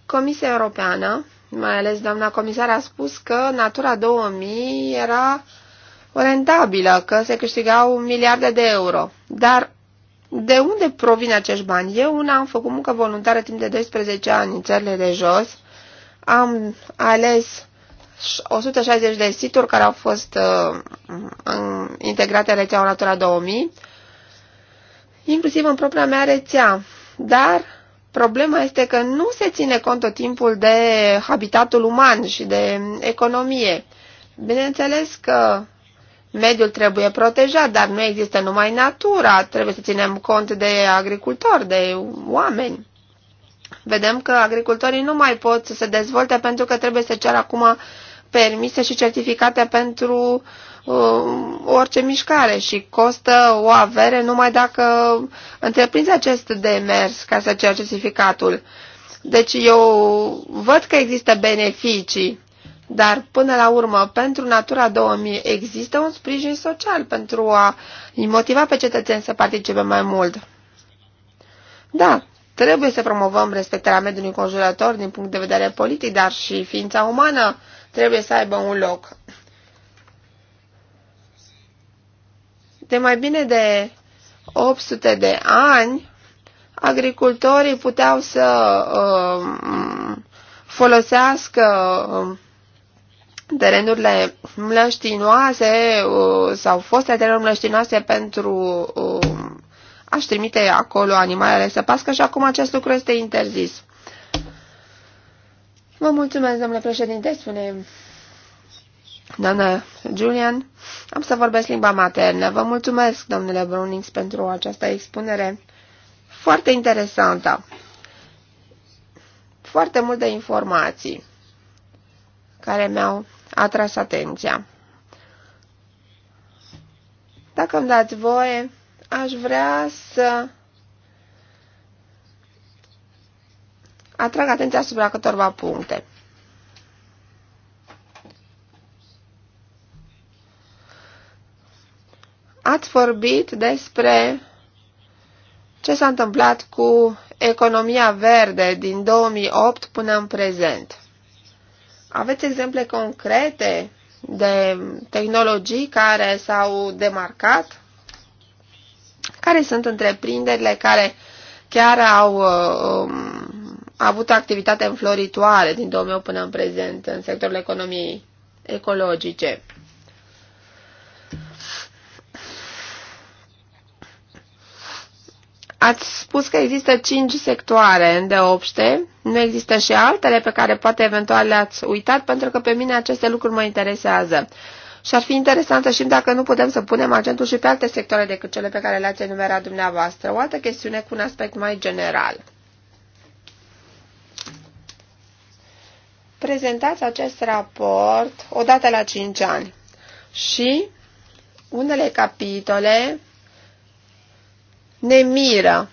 Comisia Europeană, mai ales doamna comisar, a spus că Natura 2000 era rentabilă, că se câștigau miliarde de euro. Dar de unde provin acești bani? Eu una am făcut muncă voluntară timp de 12 ani în țările de jos, am ales 160 de situri care au fost uh, în, integrate în rețeaua Natura 2000, inclusiv în propria mea rețea. Dar problema este că nu se ține cont tot timpul de habitatul uman și de economie. Bineînțeles că mediul trebuie protejat, dar nu există numai natura, trebuie să ținem cont de agricultori, de oameni. Vedem că agricultorii nu mai pot să se dezvolte pentru că trebuie să ceară acum permise și certificate pentru uh, orice mișcare și costă o avere numai dacă întreprinzi acest demers ca să ceri certificatul. Deci eu văd că există beneficii, dar până la urmă, pentru Natura 2000 există un sprijin social pentru a motiva pe cetățeni să participe mai mult. Da, trebuie să promovăm respectarea mediului înconjurător din punct de vedere politic, dar și ființa umană trebuie să aibă un loc. De mai bine de 800 de ani, agricultorii puteau să uh, folosească um, terenurile mlăștinoase uh, sau foste terenuri mlăștinoase pentru uh, a-și trimite acolo animalele să pască și acum acest lucru este interzis. Vă mulțumesc, domnule președinte, spune doamna Julian. Am să vorbesc limba maternă. Vă mulțumesc, domnule Brunings, pentru această expunere foarte interesantă. Foarte multe informații care mi-au atras atenția. Dacă îmi dați voie, aș vrea să atrag atenția asupra câtorva puncte. Ați vorbit despre ce s-a întâmplat cu economia verde din 2008 până în prezent. Aveți exemple concrete de tehnologii care s-au demarcat? Care sunt întreprinderile care chiar au uh, um, a avut activitate înfloritoare din 2008 până în prezent în sectorul economiei ecologice. Ați spus că există cinci sectoare deopște. nu există și altele pe care poate eventual le-ați uitat, pentru că pe mine aceste lucruri mă interesează. Și ar fi interesant să știm dacă nu putem să punem accentul și pe alte sectoare decât cele pe care le-ați enumerat dumneavoastră. O altă chestiune cu un aspect mai general. prezentați acest raport odată la 5 ani și unele capitole ne miră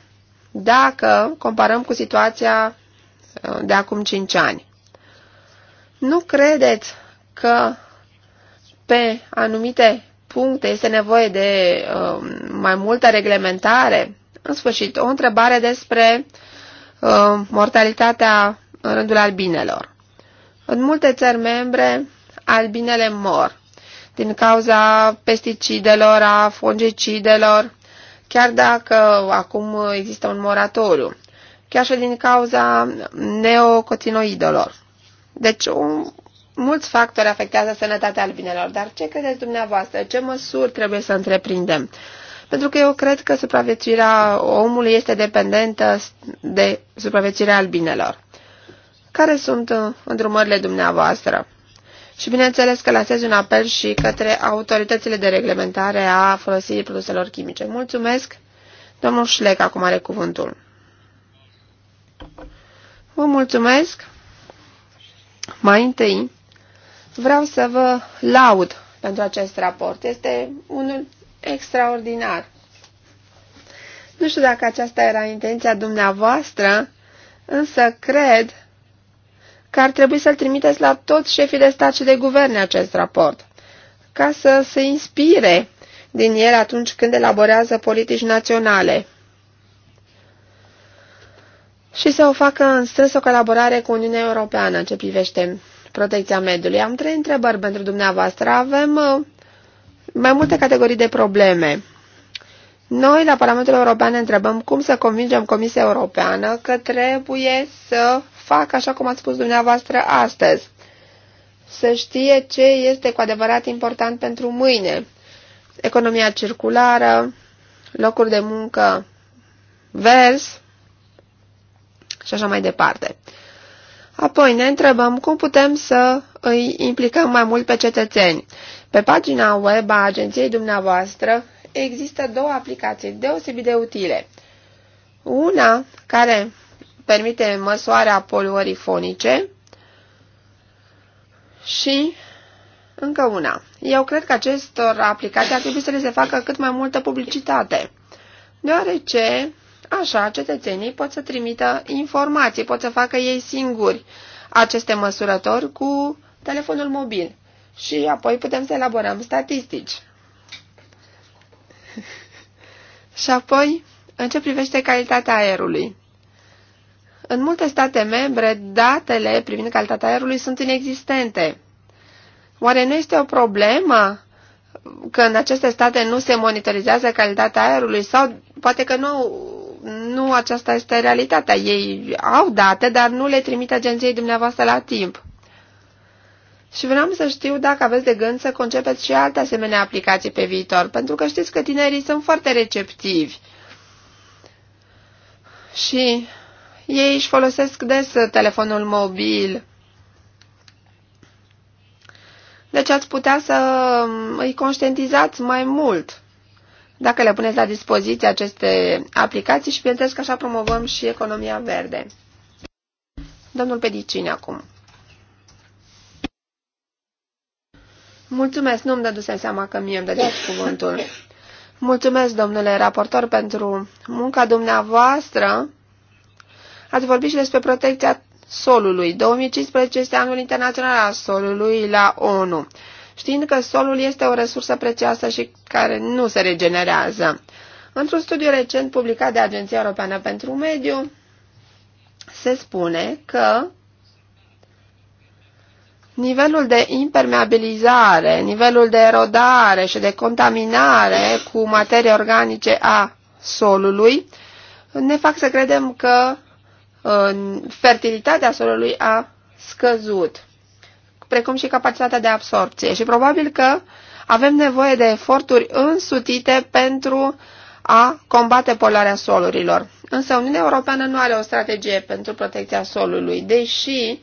dacă comparăm cu situația uh, de acum 5 ani. Nu credeți că pe anumite puncte este nevoie de uh, mai multă reglementare? În sfârșit, o întrebare despre uh, mortalitatea în rândul albinelor. În multe țări membre, albinele mor din cauza pesticidelor, a fungicidelor, chiar dacă acum există un moratoriu, chiar și din cauza neocotinoidelor. Deci, un, mulți factori afectează sănătatea albinelor, dar ce credeți dumneavoastră? Ce măsuri trebuie să întreprindem? Pentru că eu cred că supraviețuirea omului este dependentă de supraviețuirea albinelor. Care sunt uh, îndrumările dumneavoastră? Și bineînțeles că lasez un apel și către autoritățile de reglementare a folosirii produselor chimice. Mulțumesc! Domnul Șlec acum are cuvântul. Vă mulțumesc! Mai întâi, vreau să vă laud pentru acest raport. Este unul extraordinar. Nu știu dacă aceasta era intenția dumneavoastră, însă cred că ar trebui să-l trimiteți la toți șefii de stat și de guverne acest raport, ca să se inspire din el atunci când elaborează politici naționale și să o facă în strânsă colaborare cu Uniunea Europeană în ce privește protecția mediului. Am trei întrebări pentru dumneavoastră. Avem uh, mai multe categorii de probleme. Noi, la Parlamentul European, ne întrebăm cum să convingem Comisia Europeană că trebuie să fac așa cum ați spus dumneavoastră astăzi. Să știe ce este cu adevărat important pentru mâine. Economia circulară, locuri de muncă vers și așa mai departe. Apoi ne întrebăm cum putem să îi implicăm mai mult pe cetățeni. Pe pagina web a agenției dumneavoastră există două aplicații deosebit de utile. Una care permite măsoarea poluării fonice și încă una. Eu cred că acestor aplicații ar trebui să le se facă cât mai multă publicitate, deoarece așa cetățenii pot să trimită informații, pot să facă ei singuri aceste măsurători cu telefonul mobil și apoi putem să elaborăm statistici. și apoi, în ce privește calitatea aerului? În multe state membre, datele privind calitatea aerului sunt inexistente. Oare nu este o problemă că în aceste state nu se monitorizează calitatea aerului sau poate că nu, nu aceasta este realitatea. Ei au date, dar nu le trimit agenției dumneavoastră la timp. Și vreau să știu dacă aveți de gând să concepeți și alte asemenea aplicații pe viitor, pentru că știți că tinerii sunt foarte receptivi. Și ei își folosesc des telefonul mobil. Deci ați putea să um, îi conștientizați mai mult dacă le puneți la dispoziție aceste aplicații și bineînțeles că așa promovăm și economia verde. Domnul Pedicini acum. Mulțumesc, nu-mi dăduse seama că mie îmi dădeați cuvântul. Mulțumesc, domnule raportor, pentru munca dumneavoastră Ați vorbit și despre protecția solului. 2015 este anul internațional al solului la ONU. Știind că solul este o resursă prețioasă și care nu se regenerează. Într-un studiu recent publicat de Agenția Europeană pentru Mediu, se spune că nivelul de impermeabilizare, nivelul de erodare și de contaminare cu materii organice a solului ne fac să credem că fertilitatea solului a scăzut, precum și capacitatea de absorpție. Și probabil că avem nevoie de eforturi însutite pentru a combate polarea solurilor. Însă Uniunea Europeană nu are o strategie pentru protecția solului, deși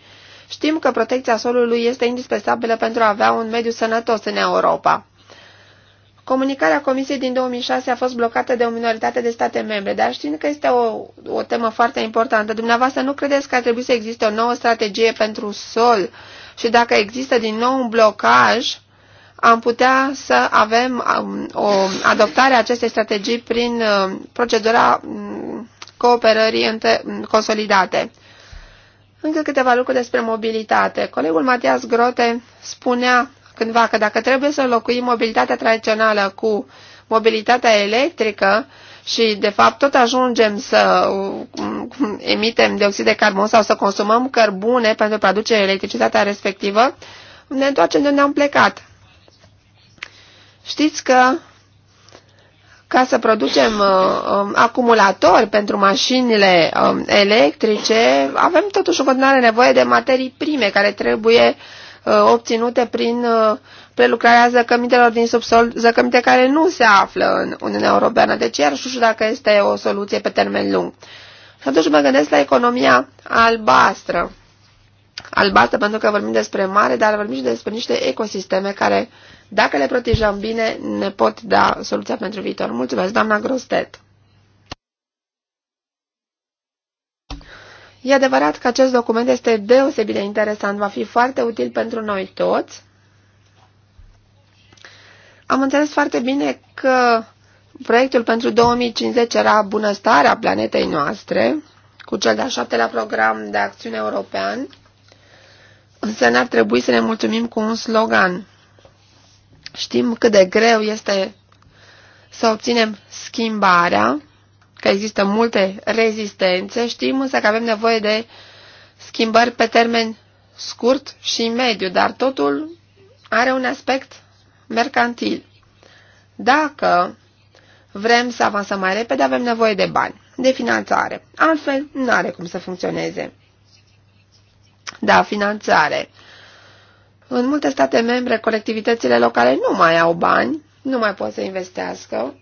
știm că protecția solului este indispensabilă pentru a avea un mediu sănătos în Europa. Comunicarea Comisiei din 2006 a fost blocată de o minoritate de state membre, dar știind că este o, o temă foarte importantă, dumneavoastră nu credeți că ar trebui să existe o nouă strategie pentru sol și dacă există din nou un blocaj, am putea să avem um, o adoptare a acestei strategii prin um, procedura um, cooperării între, consolidate. Încă câteva lucruri despre mobilitate. Colegul Matias Grote spunea cândva că dacă trebuie să înlocuim mobilitatea tradițională cu mobilitatea electrică și, de fapt, tot ajungem să um, emitem dioxid de carbon sau să consumăm cărbune pentru a produce electricitatea respectivă, ne întoarcem de unde am plecat. Știți că ca să producem uh, um, acumulatori pentru mașinile um, electrice, avem totuși în continuare nevoie de materii prime care trebuie uh, Uh, obținute prin uh, prelucrarea zăcămintelor din subsol, zăcăminte care nu se află în Uniunea Europeană. Deci iar știu dacă este o soluție pe termen lung. Și atunci mă gândesc la economia albastră. Albastră pentru că vorbim despre mare, dar vorbim și despre niște ecosisteme care, dacă le protejăm bine, ne pot da soluția pentru viitor. Mulțumesc, doamna Grostet. E adevărat că acest document este deosebit de interesant, va fi foarte util pentru noi toți. Am înțeles foarte bine că proiectul pentru 2050 era bunăstarea planetei noastre, cu cel de-al șaptelea program de acțiune european, însă n-ar trebui să ne mulțumim cu un slogan. Știm cât de greu este să obținem schimbarea că există multe rezistențe, știm însă că avem nevoie de schimbări pe termen scurt și mediu, dar totul are un aspect mercantil. Dacă vrem să avansăm mai repede, avem nevoie de bani, de finanțare. Altfel, nu are cum să funcționeze. Da, finanțare. În multe state membre, colectivitățile locale nu mai au bani, nu mai pot să investească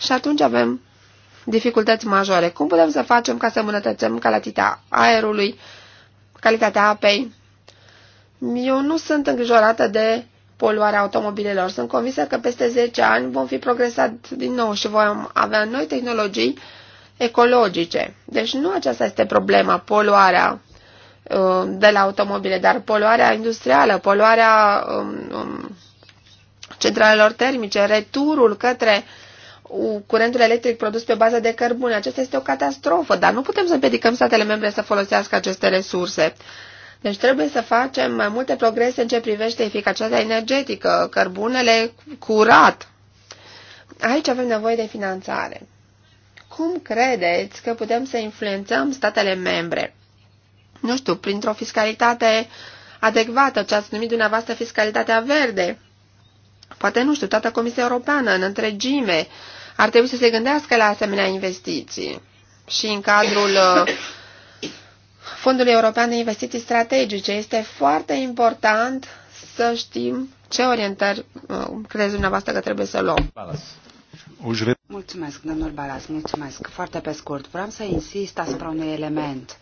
și atunci avem dificultăți majore. Cum putem să facem ca să îmbunătățăm calitatea aerului, calitatea apei? Eu nu sunt îngrijorată de poluarea automobilelor. Sunt convinsă că peste 10 ani vom fi progresat din nou și vom avea noi tehnologii ecologice. Deci nu aceasta este problema, poluarea um, de la automobile, dar poluarea industrială, poluarea um, um, centralelor termice, returul către uh, curentul electric produs pe bază de cărbune. Acesta este o catastrofă, dar nu putem să împiedicăm statele membre să folosească aceste resurse. Deci trebuie să facem mai multe progrese în ce privește eficacitatea energetică, cărbunele curat. Aici avem nevoie de finanțare. Cum credeți că putem să influențăm statele membre? Nu știu, printr-o fiscalitate adecvată, ce ați numit dumneavoastră fiscalitatea verde. Poate, nu știu, toată Comisia Europeană în întregime ar trebui să se gândească la asemenea investiții și în cadrul uh, Fondului European de Investiții Strategice este foarte important să știm ce orientări uh, credeți dumneavoastră că trebuie să luăm. Mulțumesc, domnul Balas, mulțumesc. Foarte pe scurt, vreau să insist asupra unui element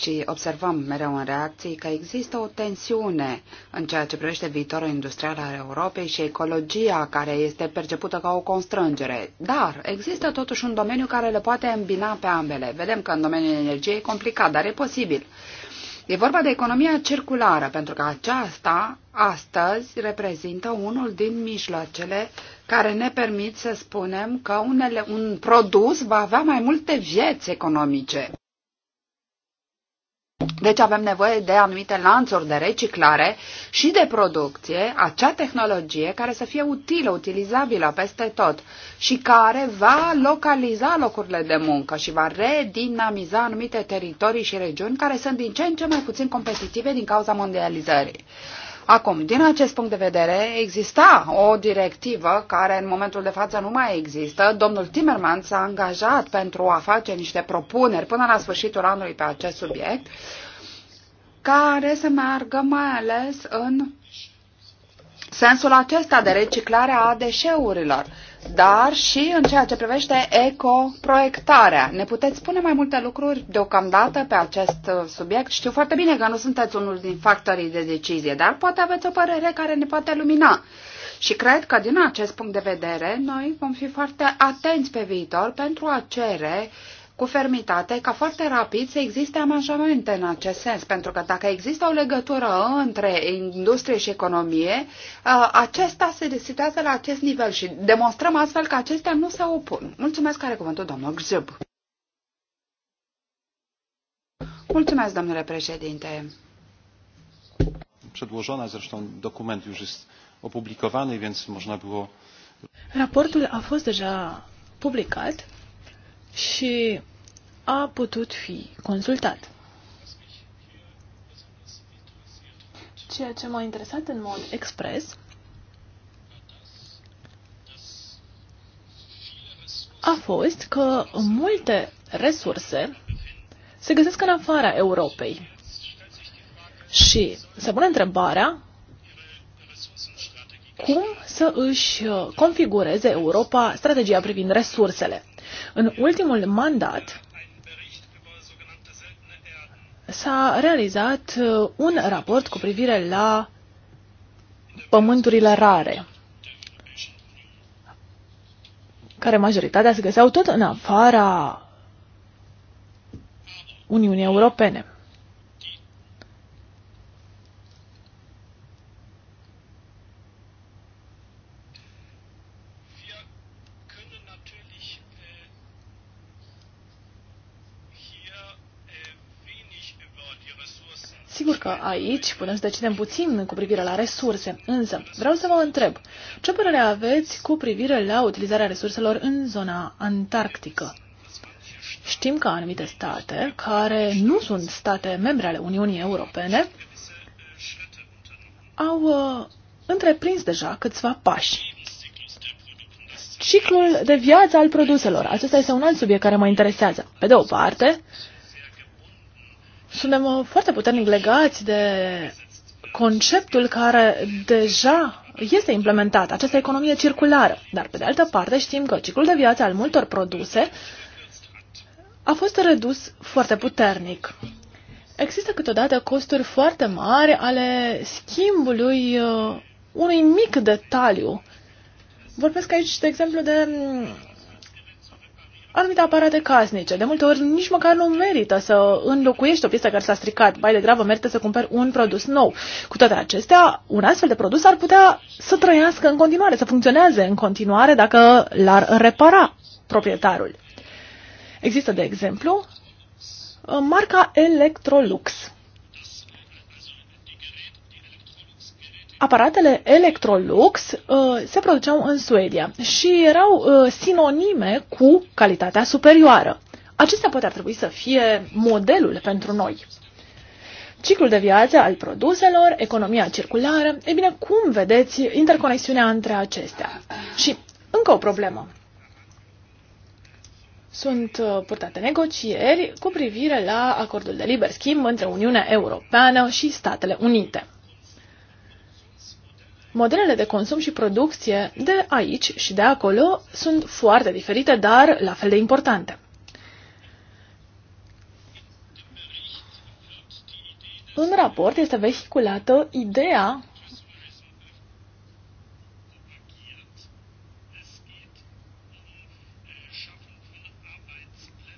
și observăm mereu în reacții că există o tensiune în ceea ce privește viitorul industrial al Europei și ecologia care este percepută ca o constrângere. Dar există totuși un domeniu care le poate îmbina pe ambele. Vedem că în domeniul energiei e complicat, dar e posibil. E vorba de economia circulară, pentru că aceasta astăzi reprezintă unul din mijloacele care ne permit să spunem că unele, un produs va avea mai multe vieți economice. Deci avem nevoie de anumite lanțuri de reciclare și de producție, acea tehnologie care să fie utilă, utilizabilă peste tot și care va localiza locurile de muncă și va redinamiza anumite teritorii și regiuni care sunt din ce în ce mai puțin competitive din cauza mondializării. Acum, din acest punct de vedere, exista o directivă care în momentul de față nu mai există. Domnul Timerman s-a angajat pentru a face niște propuneri până la sfârșitul anului pe acest subiect, care să meargă mai ales în sensul acesta de reciclare a deșeurilor dar și în ceea ce privește ecoproiectarea. Ne puteți spune mai multe lucruri deocamdată pe acest uh, subiect? Știu foarte bine că nu sunteți unul din factorii de decizie, dar poate aveți o părere care ne poate lumina. Și cred că din acest punct de vedere noi vom fi foarte atenți pe viitor pentru a cere uh, cu fermitate ca foarte rapid să existe amanjamente în acest sens, pentru că dacă există o legătură între industrie și economie, uh, acesta se desitează la acest nivel și demonstrăm astfel că acestea nu se opun. Mulțumesc, care cuvântul domnul Gzib. Mulțumesc, domnule președinte. Przedłożona, zresztą dokument już jest opublikowany, więc można było... Raportul a fost deja publicat și a putut fi consultat. Ceea ce m-a interesat în mod expres a fost că multe resurse se găsesc în afara Europei. Și se pune întrebarea cum să își configureze Europa strategia privind resursele. În ultimul mandat s-a realizat uh, un raport cu privire la pământurile rare, care majoritatea se găseau tot în afara Uniunii Europene. că aici putem să decidem puțin cu privire la resurse, însă vreau să vă întreb, ce părere aveți cu privire la utilizarea resurselor în zona antarctică? Știm că anumite state, care nu sunt state membre ale Uniunii Europene, au uh, întreprins deja câțiva pași. Ciclul de viață al produselor. Acesta este un alt subiect care mă interesează. Pe de o parte, uh, suntem uh, foarte puternic legați de conceptul care deja este implementat, această economie circulară. Dar, pe de altă parte, știm că ciclul de viață al multor produse a fost redus foarte puternic. Există câteodată costuri foarte mari ale schimbului uh, unui mic detaliu. Vorbesc aici, de exemplu, de mm, anumite aparate casnice. De multe ori nici măcar nu merită să înlocuiești o piesă care s-a stricat. Mai degrabă merită să cumperi un produs nou. Cu toate acestea, un astfel de produs ar putea să trăiască în continuare, să funcționeze în continuare dacă l-ar repara proprietarul. Există, de exemplu, marca Electrolux. aparatele Electrolux uh, se produceau în Suedia și erau uh, sinonime cu calitatea superioară. Acestea poate ar trebui să fie modelul pentru noi. Ciclul de viață al produselor, economia circulară, e bine, cum vedeți interconexiunea între acestea? Și încă o problemă. Sunt uh, purtate negocieri cu privire la acordul de liber schimb între Uniunea Europeană și Statele Unite modelele de consum și producție de aici și de acolo sunt foarte diferite, dar la fel de importante. În raport este vehiculată ideea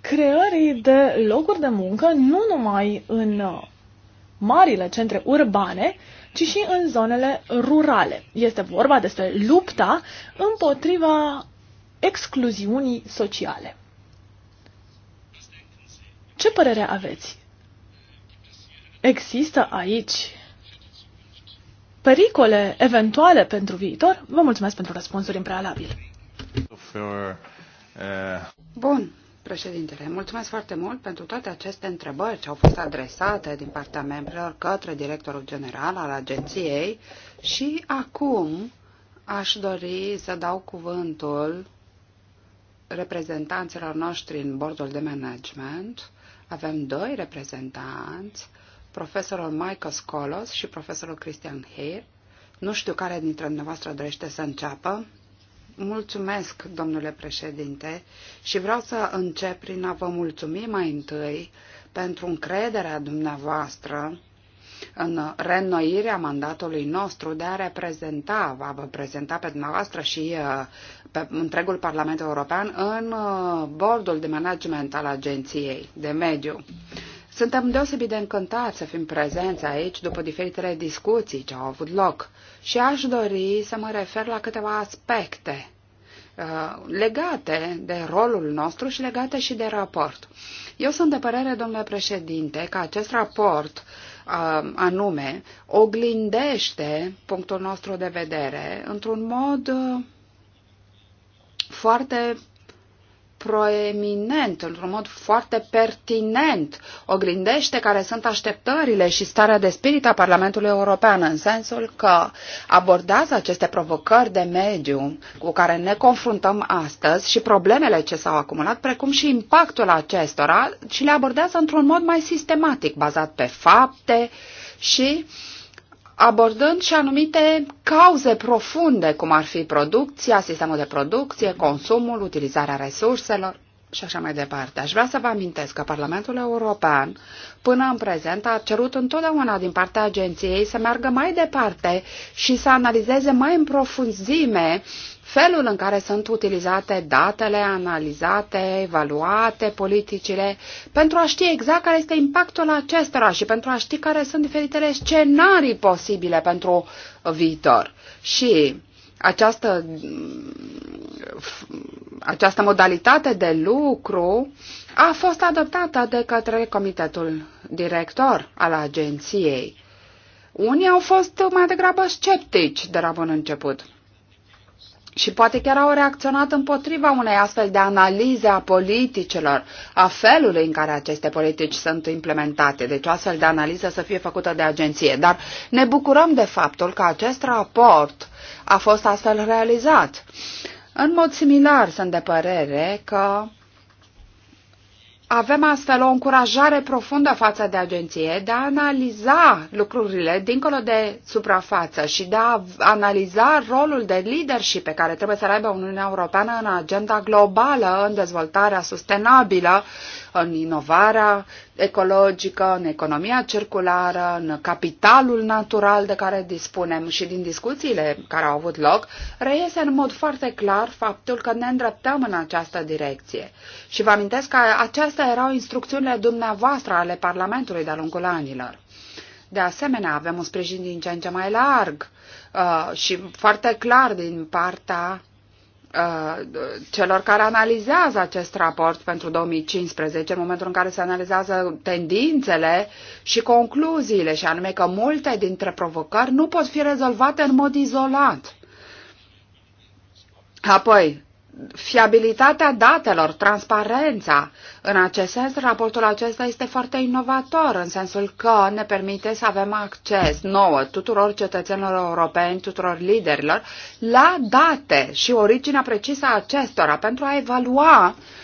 creării de locuri de muncă nu numai în uh, marile centre urbane, ci și în zonele rurale. Este vorba despre lupta împotriva excluziunii sociale. Ce părere aveți? Există aici pericole eventuale pentru viitor? Vă mulțumesc pentru răspunsuri în prealabil. Uh, Bun, Președintele, mulțumesc foarte mult pentru toate aceste întrebări ce au fost adresate din partea membrilor către directorul general al agenției și acum aș dori să dau cuvântul reprezentanților noștri în bordul de management. Avem doi reprezentanți, profesorul Michael Scolos și profesorul Christian Heer. Nu știu care dintre dumneavoastră dorește să înceapă. Mulțumesc, domnule președinte, și vreau să încep prin a vă mulțumi mai întâi pentru încrederea dumneavoastră în reînnoirea mandatului nostru de a reprezenta, a vă prezenta pe dumneavoastră și uh, pe întregul Parlament European în uh, bordul de management al Agenției de Mediu. Mm. Suntem deosebit de încântați să fim prezenți aici după diferitele discuții ce au avut loc și aș dori să mă refer la câteva aspecte uh, legate de rolul nostru și legate și de raport. Eu sunt de părere, domnule președinte, că acest raport uh, anume oglindește punctul nostru de vedere într-un mod uh, foarte proeminent, într-un mod foarte pertinent, oglindește care sunt așteptările și starea de spirit a Parlamentului European, în sensul că abordează aceste provocări de mediu cu care ne confruntăm astăzi și problemele ce s-au acumulat, precum și impactul acestora și le abordează într-un mod mai sistematic, bazat pe fapte și uh, abordând și anumite cauze profunde, cum ar fi producția, sistemul de producție, consumul, utilizarea resurselor și așa mai departe. Aș vrea să vă amintesc că Parlamentul European până în prezent a cerut întotdeauna din partea agenției să meargă mai departe și să analizeze mai în profunzime felul în care sunt utilizate datele, analizate, evaluate politicile, pentru a ști exact care este impactul acestora și pentru a ști care sunt diferitele scenarii posibile pentru viitor. Și această, această modalitate de lucru a fost adoptată de către comitetul director al agenției. Unii au fost mai degrabă sceptici de la bun început și poate chiar au reacționat împotriva unei astfel de analize a politicilor, a felului în care aceste politici sunt implementate. Deci o astfel de analiză să fie făcută de agenție. Dar ne bucurăm de faptul că acest raport a fost astfel realizat. În mod similar, sunt de părere că avem astfel o încurajare profundă față de agenție de a analiza lucrurile dincolo de suprafață și de a analiza rolul de leadership pe care trebuie să-l aibă Uniunea Europeană în agenda globală, în dezvoltarea sustenabilă, în inovarea ecologică, în economia circulară, în capitalul natural de care dispunem și din discuțiile care au avut loc, reiese în mod foarte clar faptul că ne îndreptăm în această direcție. Și vă amintesc că acestea erau instrucțiunile dumneavoastră ale Parlamentului de-a lungul anilor. De asemenea, avem un sprijin din ce în ce mai larg uh, și foarte clar din partea Uh, celor care analizează acest raport pentru 2015, în momentul în care se analizează tendințele și concluziile, și anume că multe dintre provocări nu pot fi rezolvate în mod izolat. Apoi, fiabilitatea datelor, transparența. În acest sens, raportul acesta este foarte inovator, în sensul că ne permite să avem acces nouă tuturor cetățenilor europeni, tuturor liderilor, la date și originea precisă a acestora pentru a evalua uh,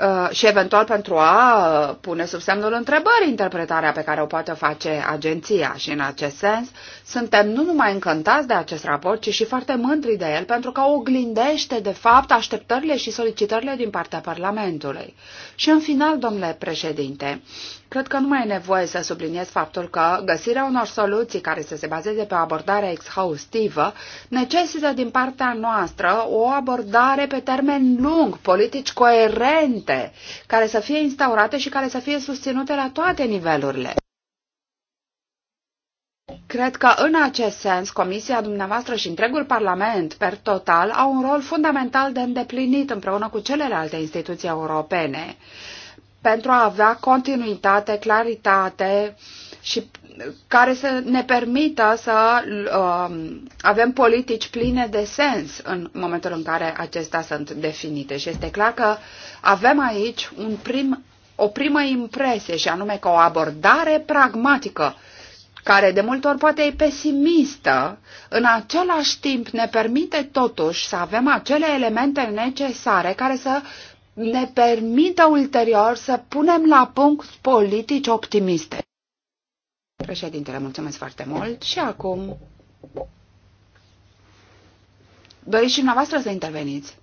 Uh, și eventual pentru a uh, pune sub semnul întrebării interpretarea pe care o poate face agenția. Și în acest sens, suntem nu numai încântați de acest raport, ci și foarte mândri de el, pentru că oglindește, de fapt, așteptările și solicitările din partea Parlamentului. Și în final, domnule președinte, Cred că nu mai e nevoie să subliniez faptul că găsirea unor soluții care să se bazeze pe o abordare exhaustivă necesită din partea noastră o abordare pe termen lung, politici coerente, care să fie instaurate și care să fie susținute la toate nivelurile. Cred că în acest sens Comisia dumneavoastră și întregul Parlament, per total, au un rol fundamental de îndeplinit împreună cu celelalte instituții europene pentru a avea continuitate, claritate și care să ne permită să um, avem politici pline de sens în momentul în care acestea sunt definite. Și este clar că avem aici un prim, o primă impresie și anume că o abordare pragmatică care de multe ori poate e pesimistă, în același timp ne permite totuși să avem acele elemente necesare care să ne permită ulterior să punem la punct politici optimiste. Președintele, mulțumesc foarte mult și acum doriți și dumneavoastră să interveniți.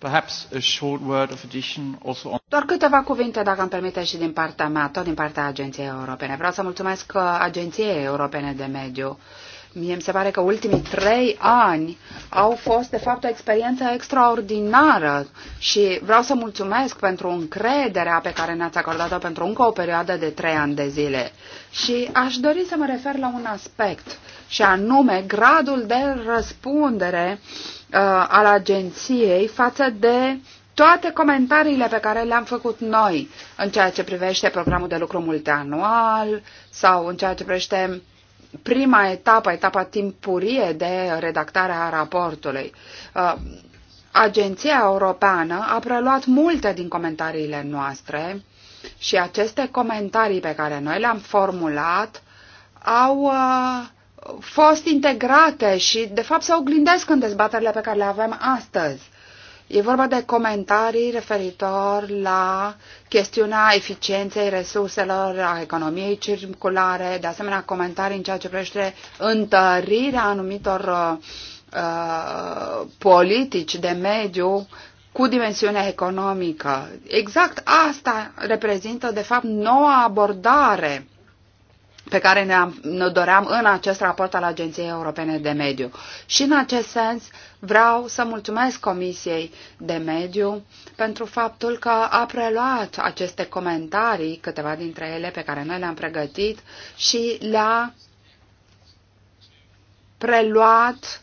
Perhaps a short word of addition also on... Doar câteva cuvinte, dacă îmi permite, și din partea mea, tot din partea Agenției Europene. Vreau să mulțumesc uh, Agenției Europene de Mediu. Mie mi se pare că ultimii trei ani au fost, de fapt, o experiență extraordinară și vreau să mulțumesc pentru încrederea pe care ne-ați acordat-o pentru încă o perioadă de trei ani de zile. Și aș dori să mă refer la un aspect, și anume gradul de răspundere uh, uh, al agenției față de toate comentariile pe care le-am făcut noi în ceea ce privește programul de lucru multianual sau în ceea ce privește prima etapă, etapa timpurie de redactare a raportului. Uh, Agenția Europeană a preluat multe din comentariile noastre și aceste comentarii pe care noi le-am formulat au uh, fost integrate și, de fapt, se oglindesc în dezbaterile pe care le avem astăzi. E vorba de comentarii referitor la chestiunea eficienței resurselor, a economiei circulare, de asemenea comentarii în ceea ce privește întărirea anumitor uh, uh politici de mediu cu dimensiune economică. Exact asta reprezintă, de fapt, noua abordare pe care ne-am, ne doream în acest raport al Agenției Europene de Mediu. Și în acest sens vreau să mulțumesc Comisiei de Mediu pentru faptul că a preluat aceste comentarii, câteva dintre ele pe care noi le-am pregătit și le-a preluat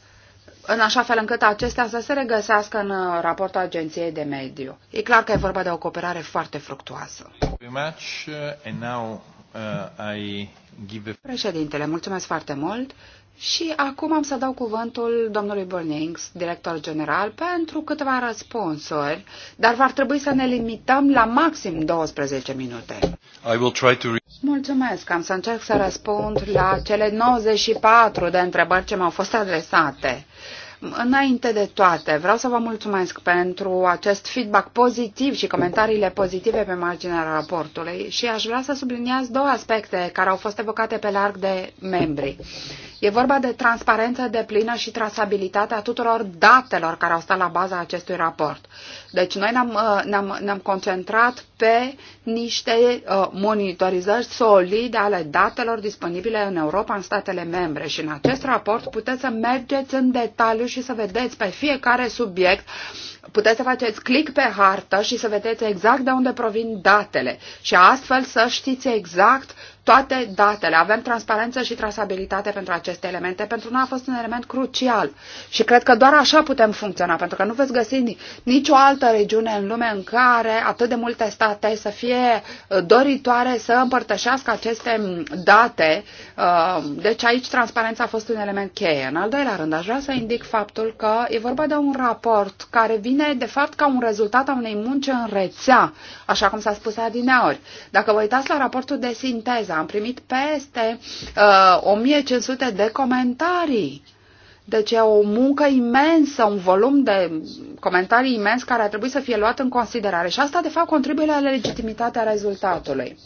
în așa fel încât acestea să se regăsească în uh, raportul Agenției de Mediu. E clar că e vorba de o cooperare foarte fructuoasă. Very much, uh, and now... Uh, I give... Președintele, mulțumesc foarte mult. Și acum am să dau cuvântul domnului Burnings, director general, pentru câteva răspunsuri, dar va trebui să ne limităm la maxim 12 minute. I will try to... Mulțumesc, am să încerc să răspund la cele 94 de întrebări ce m-au fost adresate. Înainte de toate, vreau să vă mulțumesc pentru acest feedback pozitiv și comentariile pozitive pe marginea raportului și aș vrea să subliniez două aspecte care au fost evocate pe larg de membri. E vorba de transparență de plină și trasabilitatea tuturor datelor care au stat la baza acestui raport. Deci noi ne-am, uh, ne-am, ne-am concentrat pe niște uh, monitorizări solide ale datelor disponibile în Europa, în statele membre. Și în acest raport puteți să mergeți în detaliu și să vedeți pe fiecare subiect puteți să faceți click pe hartă și să vedeți exact de unde provin datele și astfel să știți exact toate datele, avem transparență și trasabilitate pentru aceste elemente. Pentru noi a fost un element crucial și cred că doar așa putem funcționa, pentru că nu veți găsi nicio altă regiune în lume în care atât de multe state să fie uh, doritoare să împărtășească aceste mm, date. Uh, deci aici transparența a fost un element cheie. În al doilea rând, aș vrea să indic faptul că e vorba de un raport care vine de fapt ca un rezultat a unei munci în rețea, așa cum s-a spus adineori. Dacă vă uitați la raportul de sinteză, am primit peste uh, 1500 de comentarii. Deci e o muncă imensă, un volum de comentarii imens care ar trebui să fie luat în considerare. Și asta, de fapt, contribuie la legitimitatea rezultatului.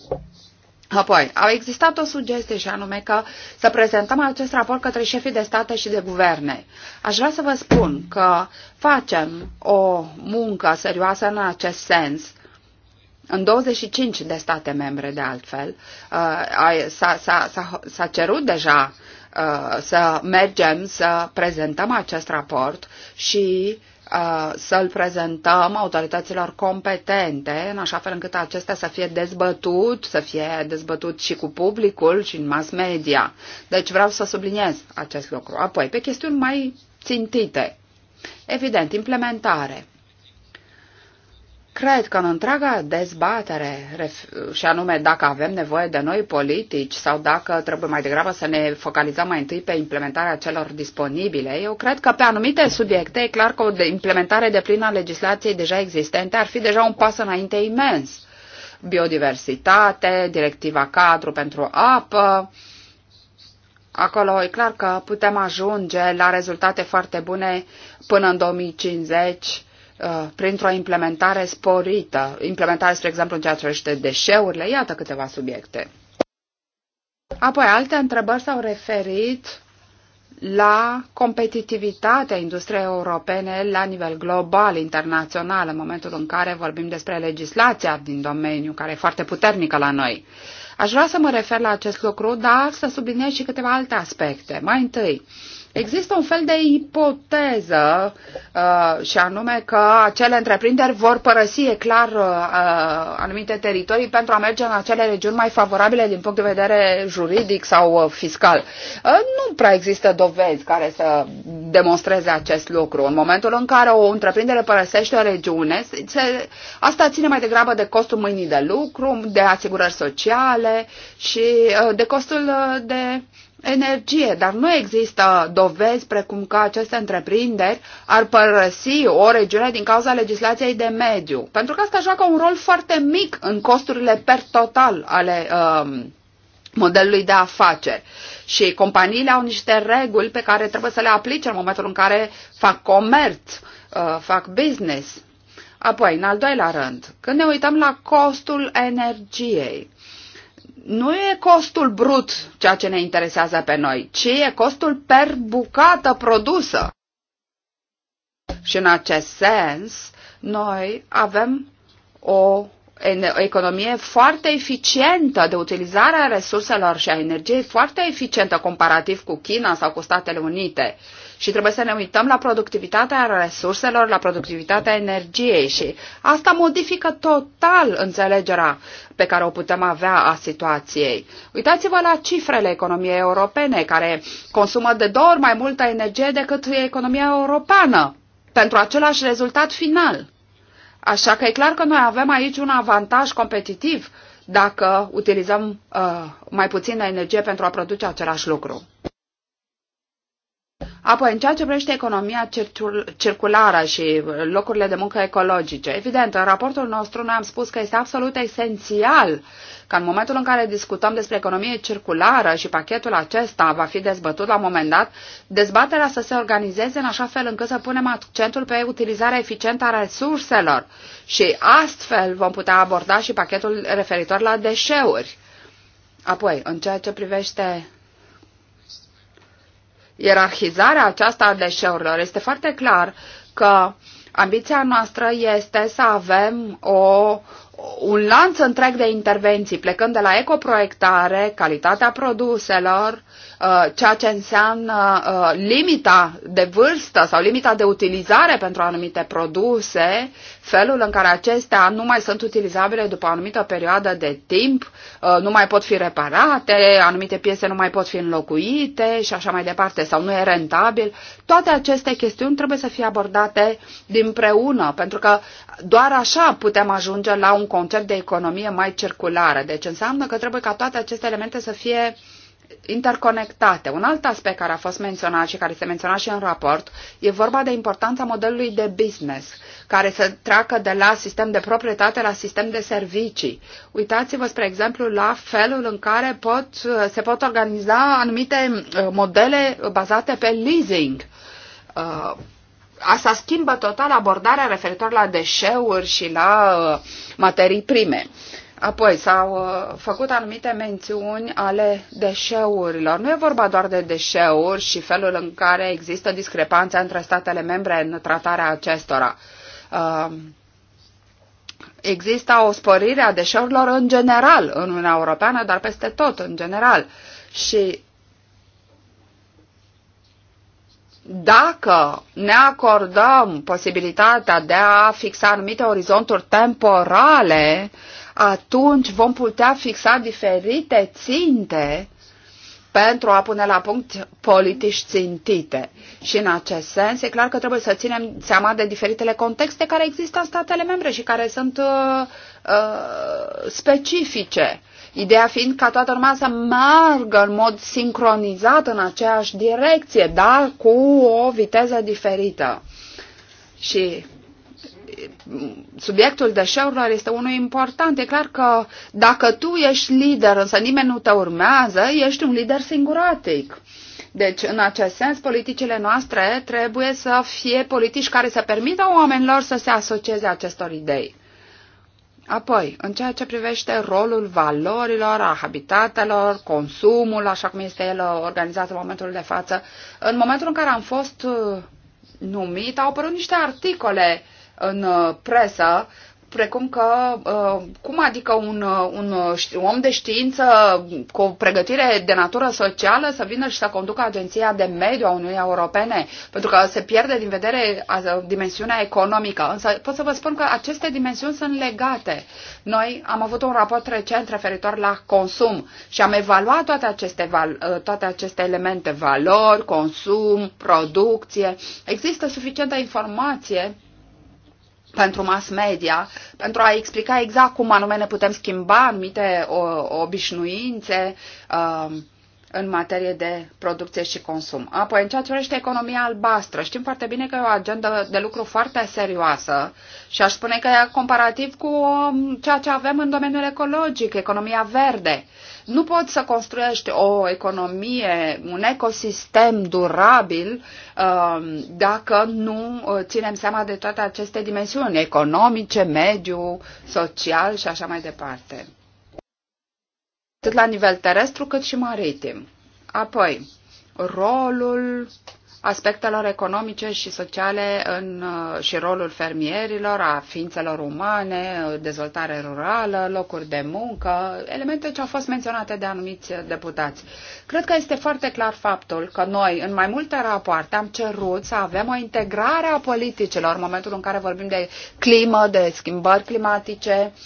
Apoi, au existat o sugestie și anume că să prezentăm acest raport către șefii de state și de guverne. Aș vrea să vă spun că facem o muncă serioasă în acest sens în 25 de state membre, de altfel, uh, s-a cerut deja uh, să mergem să prezentăm acest raport și uh, să-l prezentăm autorităților competente, în așa fel încât acesta să fie dezbătut, să fie dezbătut și cu publicul și în mass media. Deci vreau să subliniez acest lucru. Apoi, pe chestiuni mai țintite. Evident, implementare. Cred că în întreaga dezbatere, și anume dacă avem nevoie de noi politici sau dacă trebuie mai degrabă să ne focalizăm mai întâi pe implementarea celor disponibile, eu cred că pe anumite subiecte e clar că o implementare de plină a legislației deja existente ar fi deja un pas înainte imens. Biodiversitate, directiva cadru pentru apă, Acolo e clar că putem ajunge la rezultate foarte bune până în 2050 Uh, printr-o implementare sporită, implementare, spre exemplu, în ceea ce privește deșeurile, iată câteva subiecte. Apoi, alte întrebări s-au referit la competitivitatea industriei europene la nivel global, internațional, în momentul în care vorbim despre legislația din domeniu, care e foarte puternică la noi. Aș vrea să mă refer la acest lucru, dar să subliniez și câteva alte aspecte. Mai întâi, uh, Există un fel de ipoteză uh, și anume că acele întreprinderi vor părăsi, e clar, uh, uh, anumite teritorii pentru a merge în acele regiuni mai favorabile din punct de vedere juridic sau uh, fiscal. Uh, nu prea există dovezi care să demonstreze acest lucru. În momentul în care o întreprindere părăsește o regiune, se, asta ține mai degrabă de costul mâinii de lucru, de asigurări sociale și uh, de costul uh, de energie, dar nu există dovezi precum că aceste întreprinderi ar părăsi o regiune din cauza legislației de mediu, pentru că asta joacă un rol foarte mic în costurile per total ale um, modelului de afaceri. Și companiile au niște reguli pe care trebuie să le aplice în momentul în care fac comerț, uh, fac business. Apoi, în al doilea rând, când ne uităm la costul energiei, nu e costul brut ceea ce ne interesează pe noi, ci e costul per bucată produsă. Și în acest sens, noi avem o economie foarte eficientă de utilizarea resurselor și a energiei foarte eficientă comparativ cu China sau cu Statele Unite. Uh, și trebuie să ne uităm la productivitatea resurselor, la productivitatea energiei și asta modifică total înțelegerea pe care o putem avea a situației. Uitați-vă la cifrele economiei europene, care consumă de două ori mai multă energie decât economia europeană pentru același rezultat final. Așa că e clar că noi avem aici un avantaj competitiv dacă utilizăm uh, mai puțină energie pentru a produce același lucru. Apoi, în ceea ce privește economia circulară și uh, locurile de muncă ecologice, evident, în raportul nostru noi am spus că este absolut esențial că în momentul în care discutăm despre economie circulară și pachetul acesta va fi dezbătut la un moment dat, dezbaterea să se organizeze în așa fel încât să punem accentul pe utilizarea eficientă a resurselor și astfel vom putea aborda și pachetul referitor la deșeuri. Apoi, în ceea ce privește ierarhizarea aceasta a deșeurilor. Este foarte clar că ambiția noastră este să avem o, un lanț întreg de intervenții, plecând de la ecoproiectare, calitatea produselor, Uh, ceea ce înseamnă uh, limita de vârstă sau limita de utilizare pentru anumite produse, felul în care acestea nu mai sunt utilizabile după o anumită perioadă de timp, uh, nu mai pot fi reparate, anumite piese nu mai pot fi înlocuite și așa mai departe, sau nu e rentabil. Toate aceste chestiuni trebuie să fie abordate dinpreună, pentru că doar așa putem ajunge la un concept de economie mai circulară. Deci înseamnă că trebuie ca toate aceste elemente să fie uh, interconectate. Un alt aspect care a fost menționat și care se menționa și în raport e vorba de importanța modelului de business, care să treacă de la sistem de proprietate la sistem de servicii. Uitați-vă, spre exemplu, la felul în care pot, se pot organiza anumite uh, modele bazate pe leasing. Uh, asta schimbă total abordarea referitor la deșeuri și la uh, materii prime. Uh, Apoi s-au uh, făcut anumite mențiuni ale deșeurilor. Nu e vorba doar de deșeuri și felul în care există discrepanțe între statele membre în tratarea acestora. Uh, există o sporire a deșeurilor în general în Uniunea Europeană, dar peste tot în general. Și dacă ne acordăm posibilitatea de a fixa anumite orizonturi temporale, uh, atunci vom putea fixa diferite ținte pentru a pune la punct politici țintite. Și în acest sens, e clar că trebuie să ținem seama de diferitele contexte care există în statele membre și care sunt uh, uh, specifice. Ideea fiind ca toată lumea să meargă în mod sincronizat în aceeași direcție, dar cu o viteză diferită. Și subiectul deșeurilor este unul important. E clar că dacă tu ești lider, însă nimeni nu te urmează, ești un lider singuratic. Deci, în acest sens, politicile noastre trebuie să fie politici care să permită oamenilor să se asocieze acestor idei. Apoi, în ceea ce privește rolul valorilor, a habitatelor, consumul, așa cum este el organizat în momentul de față, în momentul în care am fost uh, numit, au apărut niște articole uh, în uh, presă, precum că, uh, cum adică un, uh, un, om de știință cu o pregătire de natură socială să vină și să conducă agenția de mediu a Uniunii Europene, pentru că se pierde din vedere dimensiunea economică. Însă pot să vă spun că aceste dimensiuni sunt legate. Noi am avut un raport recent referitor la consum și am evaluat toate aceste, toate aceste elemente, valori, consum, producție. Există suficientă informație pentru mass media, pentru a explica exact cum anume ne putem schimba anumite obișnuințe um, în materie de producție și consum. Apoi, în ceea ce privește economia albastră, știm foarte bine că e o agendă de lucru foarte serioasă și aș spune că e comparativ cu um, ceea ce avem în domeniul ecologic, economia verde. Uh, nu poți să construiești o economie, un ecosistem durabil um, dacă nu uh, ținem seama de toate aceste dimensiuni economice, mediu, social și așa mai departe. Atât la nivel terestru cât și maritim. Apoi, rolul aspectelor economice și sociale în, uh, și rolul fermierilor, a ființelor umane, uh, dezvoltare rurală, locuri de muncă, elemente ce au fost menționate de anumiți deputați. Cred că este foarte clar faptul că noi, în mai multe rapoarte, am cerut să avem o integrare a politicilor în momentul în care vorbim de climă, de schimbări climatice, uh,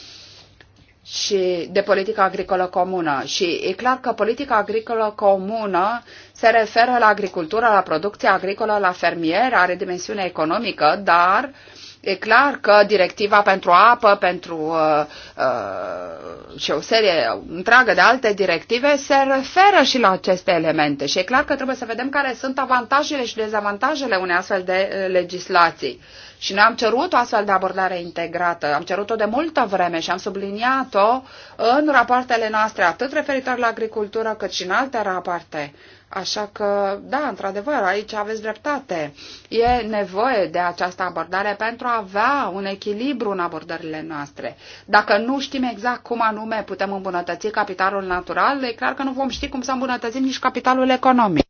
și de politică agricolă comună. Și e clar că politica agricolă comună se referă la agricultură, la producția agricolă, la fermier, are dimensiune economică, dar uh, E clar că directiva pentru apă, pentru uh, uh, și o serie întreagă de alte directive se referă și la aceste elemente și e clar că trebuie să vedem care sunt avantajele și dezavantajele unei astfel de uh, legislații. Și noi am cerut o astfel de abordare integrată, am cerut-o de multă vreme și am subliniat-o în rapoartele noastre, atât referitor la agricultură cât și în alte rapoarte Așa că, da, într-adevăr, aici aveți dreptate. E nevoie de această abordare pentru a avea un echilibru în abordările noastre. Dacă nu știm exact cum anume putem îmbunătăți capitalul natural, e clar că nu vom ști cum să îmbunătățim nici capitalul economic.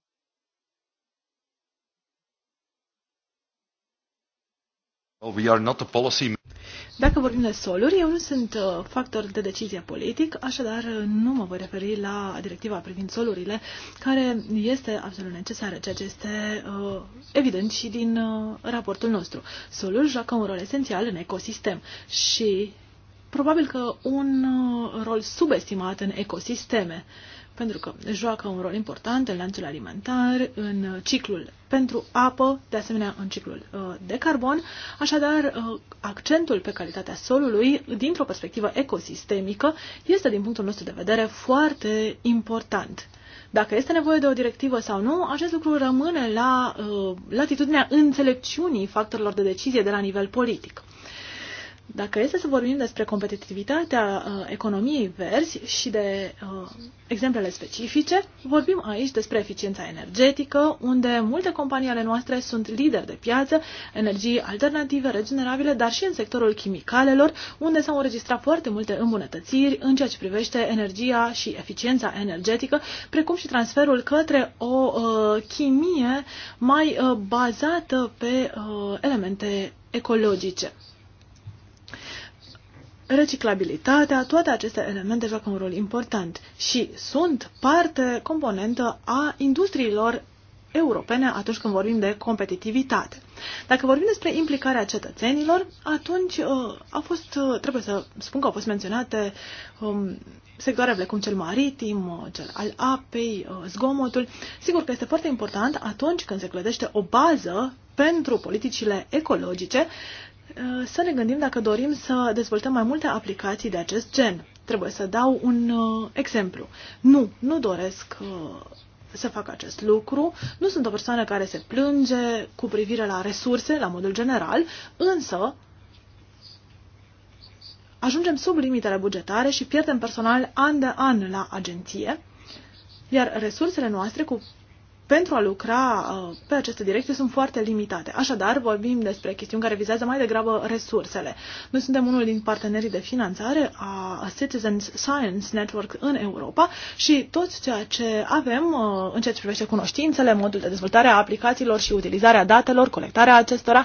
We are not a policy... Dacă vorbim de soluri, eu nu sunt uh, factor de decizie politic, așadar uh, nu mă voi referi la directiva privind solurile, care este absolut necesară, ceea ce este uh, evident și din uh, raportul nostru. Solul joacă un rol esențial în ecosistem și probabil că un uh, rol subestimat în ecosisteme. Uh, pentru că joacă un rol important în lanțul alimentar, în ciclul pentru apă, de asemenea în ciclul uh, de carbon. Așadar, uh, accentul pe calitatea solului, dintr-o perspectivă ecosistemică, este, din punctul nostru de vedere, foarte important. Dacă este nevoie de o directivă sau nu, acest lucru rămâne la uh, latitudinea înțelepciunii factorilor de decizie de la nivel politic. Dacă este să vorbim despre competitivitatea uh, economiei verzi și de uh, exemplele specifice, vorbim aici despre eficiența energetică, unde multe companii ale noastre sunt lideri de piață, energii alternative, regenerabile, dar și în sectorul chimicalelor, unde s-au înregistrat foarte multe îmbunătățiri în ceea ce privește energia și eficiența energetică, precum și transferul către o uh, chimie mai uh, bazată pe uh, elemente ecologice reciclabilitatea, toate aceste elemente joacă un rol important și sunt parte componentă a industriilor europene atunci când vorbim de competitivitate. Dacă vorbim despre implicarea cetățenilor, atunci uh, a fost, uh, trebuie să spun că au fost menționate um, sectoare precum cel maritim, uh, cel al apei, uh, zgomotul. Sigur că este foarte important atunci când se clădește o bază pentru politicile ecologice Eh, să ne gândim dacă dorim să dezvoltăm mai multe aplicații de acest gen. Trebuie să dau un eh, exemplu. Nu, nu doresc eh, să fac acest lucru. Nu sunt o persoană care se plânge cu privire la resurse, la modul general, însă ajungem sub limitele bugetare și pierdem personal an de an la agenție, iar resursele noastre cu pentru a lucra uh, pe aceste direcții sunt foarte limitate. Așadar, vorbim despre chestiuni care vizează mai degrabă resursele. Noi suntem unul din partenerii de finanțare a Citizens Science Network în Europa și tot ceea ce avem uh, în ceea ce privește cunoștințele, modul de dezvoltare a aplicațiilor și utilizarea datelor, colectarea acestora,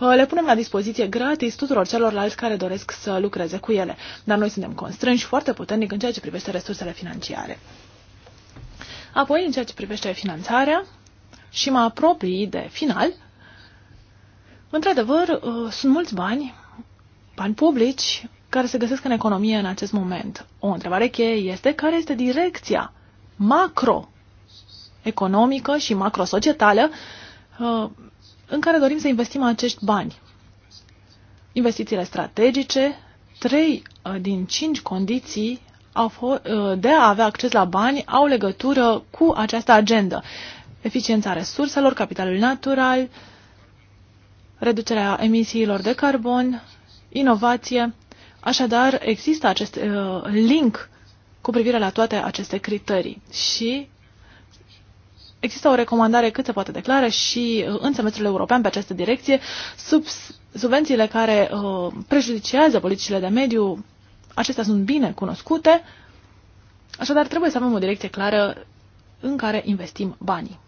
uh, le punem la dispoziție gratis tuturor celorlalți care doresc să lucreze cu ele. Dar noi suntem constrânși foarte puternic în ceea ce privește resursele financiare. Apoi, în ceea ce privește finanțarea, și mă apropii de final, într-adevăr, uh, sunt mulți bani, bani publici, care se găsesc în economie în acest moment. O întrebare cheie este care este direcția macroeconomică și macrosocietală uh, în care dorim să investim acești bani. Investițiile strategice, trei uh, din cinci condiții au uh, de a avea acces la bani au legătură cu această agendă. Eficiența resurselor, capitalul natural, reducerea emisiilor de carbon, inovație. Așadar, există acest uh, link cu privire la toate aceste criterii și există o recomandare cât se poate declară și uh, în semestrul european pe această direcție sub subvențiile care uh, prejudicează politicile de mediu Acestea sunt bine cunoscute, așadar trebuie să avem o direcție clară în care investim banii.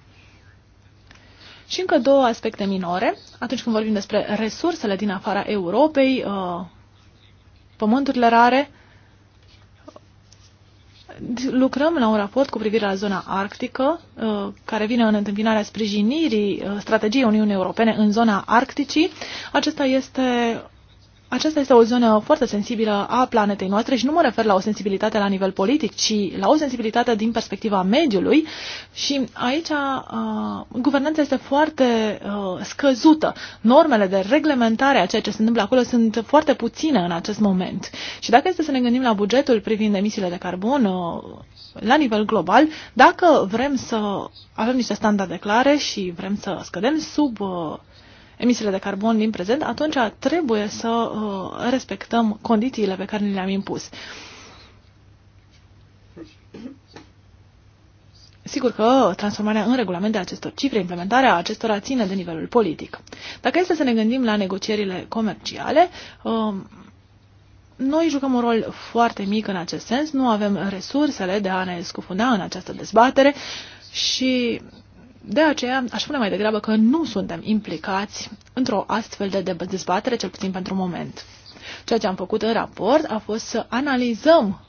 Și încă două aspecte minore. Atunci când vorbim despre resursele din afara Europei, uh, pământurile rare, lucrăm la un raport cu privire la zona arctică, uh, care vine în întâmpinarea sprijinirii uh, strategiei Uniunii Europene în zona arcticii. Acesta este aceasta este o zonă foarte sensibilă a planetei noastre și nu mă refer la o sensibilitate la nivel politic, ci la o sensibilitate din perspectiva mediului și aici uh, guvernanța este foarte uh, scăzută. Normele de reglementare a ceea ce se întâmplă acolo sunt foarte puține în acest moment. Și dacă este să ne gândim la bugetul privind emisiile de carbon uh, la nivel global, dacă vrem să avem niște standarde clare și vrem să scădem sub uh, emisiile de carbon din prezent, atunci trebuie să uh, respectăm condițiile pe care ni le-am impus. Sigur că transformarea în regulamente acestor cifre, implementarea acestora ține de nivelul politic. Dacă este să ne gândim la negocierile comerciale, uh, noi jucăm un rol foarte mic în acest sens, nu avem resursele de a ne scufunda în această dezbatere și de aceea, aș spune mai degrabă că nu suntem implicați într-o astfel de dezbatere, cel puțin pentru moment. Ceea ce am făcut în raport a fost să analizăm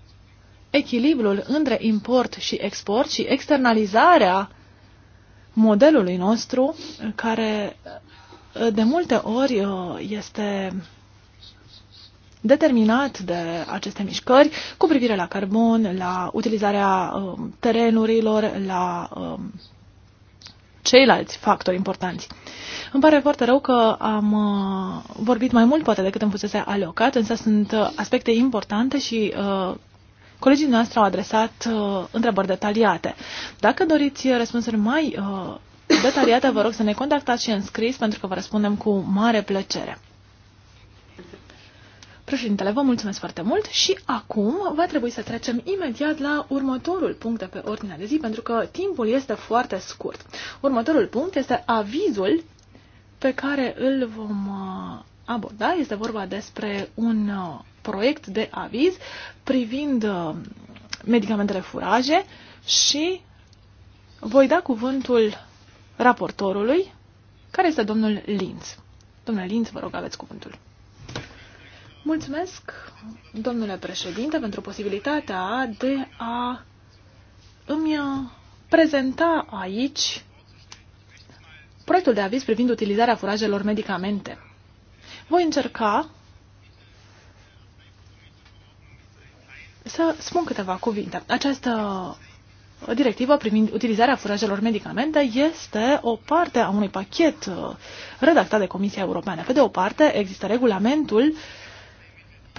echilibrul între import și export și externalizarea modelului nostru, care de multe ori este determinat de aceste mișcări cu privire la carbon, la utilizarea um, terenurilor, la um, ceilalți factori importanți. Îmi pare foarte rău că am uh, vorbit mai mult, poate, decât îmi fusese alocat, însă sunt uh, aspecte importante și uh, colegii noastre au adresat uh, întrebări detaliate. Dacă doriți răspunsuri mai uh, detaliate, vă rog să ne contactați și în scris, pentru că vă răspundem cu mare plăcere. Președintele, vă mulțumesc foarte mult și acum va trebui să trecem imediat la următorul punct de pe ordinea de zi, pentru că timpul este foarte scurt. Următorul punct este avizul pe care îl vom uh, aborda. Este vorba despre un uh, proiect de aviz privind uh, medicamentele furaje și voi da cuvântul raportorului, care este domnul Linz. Domnule Linz, vă rog, aveți cuvântul. Mulțumesc, domnule președinte, pentru posibilitatea de a îmi prezenta aici proiectul de aviz privind utilizarea furajelor medicamente. Voi încerca să spun câteva cuvinte. Această directivă privind utilizarea furajelor medicamente este o parte a unui pachet uh, redactat de Comisia Europeană. Pe de o parte, există regulamentul uh,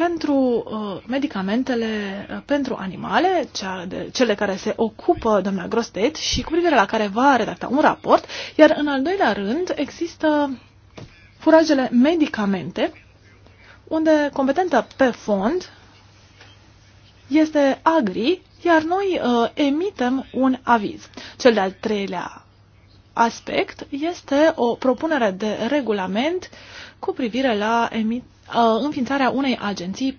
pentru uh, medicamentele uh, pentru animale, cea de, cele care se ocupă doamna Grostet și cu privire la care va redacta un raport, iar în al doilea rând există furajele medicamente, unde competentă pe fond este Agri, iar noi uh, emitem un aviz. Cel de-al treilea aspect este o propunere de regulament cu privire la emit Uh, înființarea unei agenții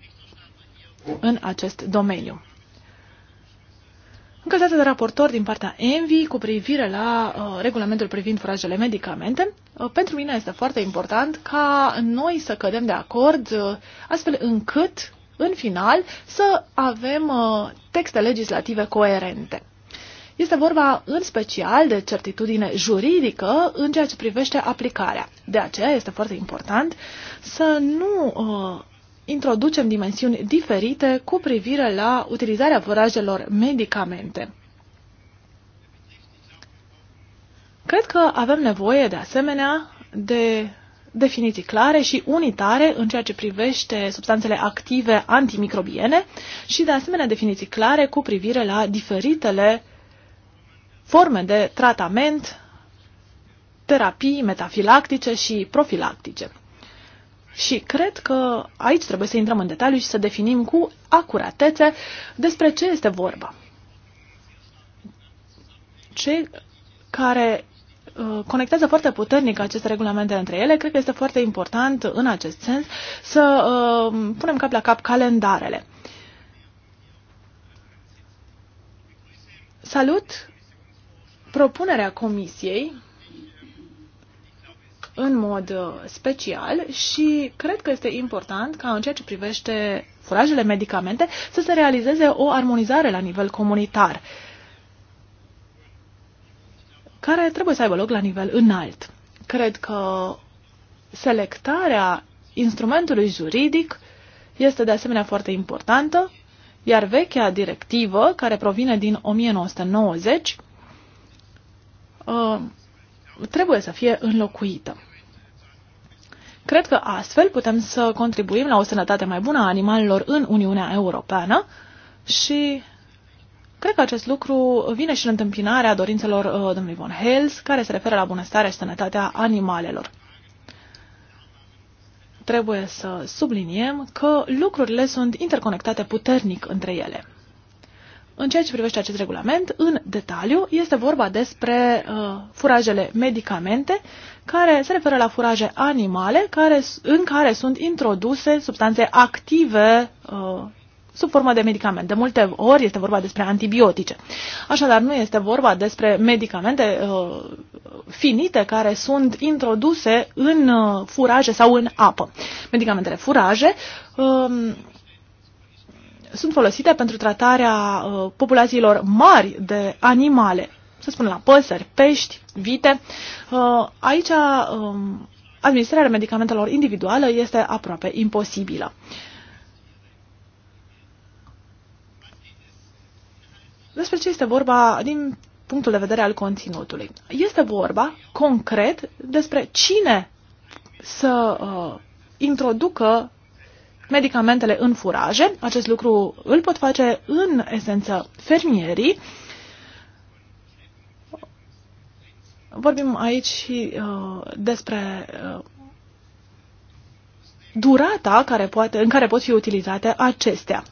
în acest domeniu. În calitate de raportor din partea ENVI cu privire la uh, regulamentul privind furajele medicamente, uh, pentru mine este foarte important ca noi să cădem de acord uh, astfel încât, în final, să avem uh, texte legislative coerente. Este vorba în special de certitudine juridică în ceea ce privește aplicarea. De aceea este foarte important să nu uh, introducem dimensiuni diferite cu privire la utilizarea vorajelor medicamente. Cred că avem nevoie, de asemenea, de definiții clare și unitare în ceea ce privește substanțele active antimicrobiene și, de asemenea, definiții clare cu privire la diferitele forme de tratament, terapii metafilactice și profilactice. Și cred că aici trebuie să intrăm în detaliu și să definim cu acuratețe despre ce este vorba. ce care uh, conectează foarte puternic aceste regulamente între ele. Cred că este foarte important în acest sens să uh, punem cap la cap calendarele. Salut propunerea Comisiei în mod uh, special și cred că este important ca în ceea ce privește furajele medicamente să se realizeze o armonizare la nivel comunitar, care trebuie să aibă loc la nivel înalt. Cred că selectarea instrumentului juridic este de asemenea foarte importantă, iar vechea directivă, care provine din 1990, Uh, trebuie să fie înlocuită. Cred că astfel putem să contribuim la o sănătate mai bună a animalelor în Uniunea Europeană și cred că acest lucru vine și în întâmpinarea dorințelor uh, domnului Von Hels, care se referă la bunăstarea și sănătatea animalelor. Trebuie să subliniem că lucrurile sunt interconectate puternic între ele. În ceea ce privește acest regulament, în detaliu, este vorba despre uh, furajele medicamente, care se referă la furaje animale care, în care sunt introduse substanțe active uh, sub formă de medicament. De multe ori este vorba despre antibiotice. Așadar, nu este vorba despre medicamente uh, finite care sunt introduse în uh, furaje sau în apă. Medicamentele furaje uh, sunt folosite pentru tratarea uh, populațiilor mari de animale, să spun la păsări, pești, vite. Uh, aici um, administrarea medicamentelor individuală este aproape imposibilă. Despre ce este vorba din punctul de vedere al conținutului? Este vorba concret despre cine să uh, introducă medicamentele în furaje. Acest lucru îl pot face în esență fermierii. Vorbim aici uh, despre uh, durata care poate, în care pot fi utilizate acestea.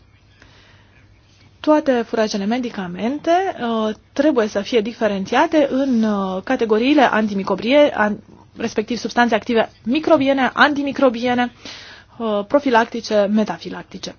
Toate furajele medicamente uh, trebuie să fie diferențiate în uh, categoriile antimicrobie, an, respectiv substanțe active microbiene, antimicrobiene, uh, Uh, profilactice, metafilactice.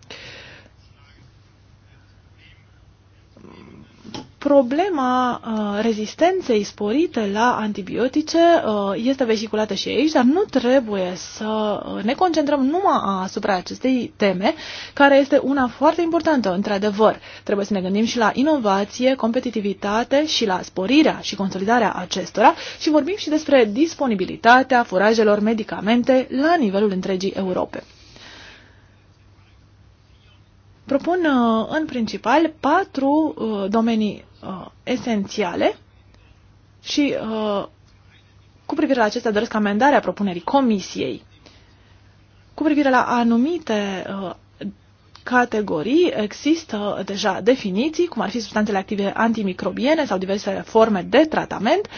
problema uh, rezistenței sporite la antibiotice uh, este vehiculată și aici, dar nu trebuie să uh, ne concentrăm numai asupra acestei teme, care este una foarte importantă, într-adevăr. Trebuie să ne gândim și la inovație, competitivitate și la sporirea și consolidarea acestora și vorbim și despre disponibilitatea furajelor medicamente la nivelul întregii Europe propun uh, în principal patru uh, domenii uh, esențiale și cu privire la acestea doresc amendarea propunerii comisiei. Cu privire la anumite categorii există deja definiții, cum ar fi substanțele active antimicrobiene sau diverse forme de tratament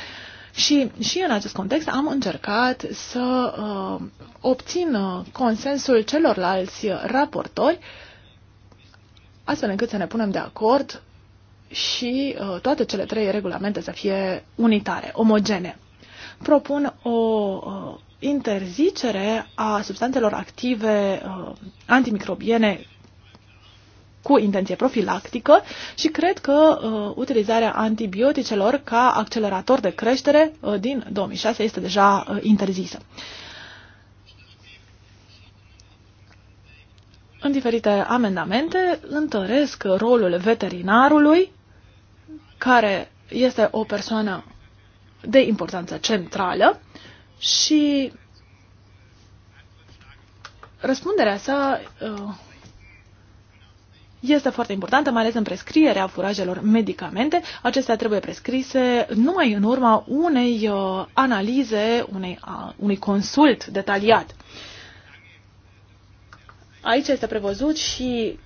și, și în acest context am încercat să uh, obțin consensul celorlalți raportori uh, astfel încât să ne punem de acord și uh, toate cele trei regulamente să fie unitare, omogene. Propun o uh, interzicere a substanțelor active uh, antimicrobiene cu intenție profilactică și cred că uh, utilizarea antibioticelor ca accelerator de creștere uh, din 2006 este deja uh, interzisă. Uh, în diferite amendamente întăresc rolul veterinarului, care este o persoană de importanță centrală și răspunderea sa uh, este foarte importantă, mai ales în prescrierea furajelor medicamente. Acestea trebuie prescrise numai în urma unei uh, analize, unei, unui consult detaliat aici este prevăzut și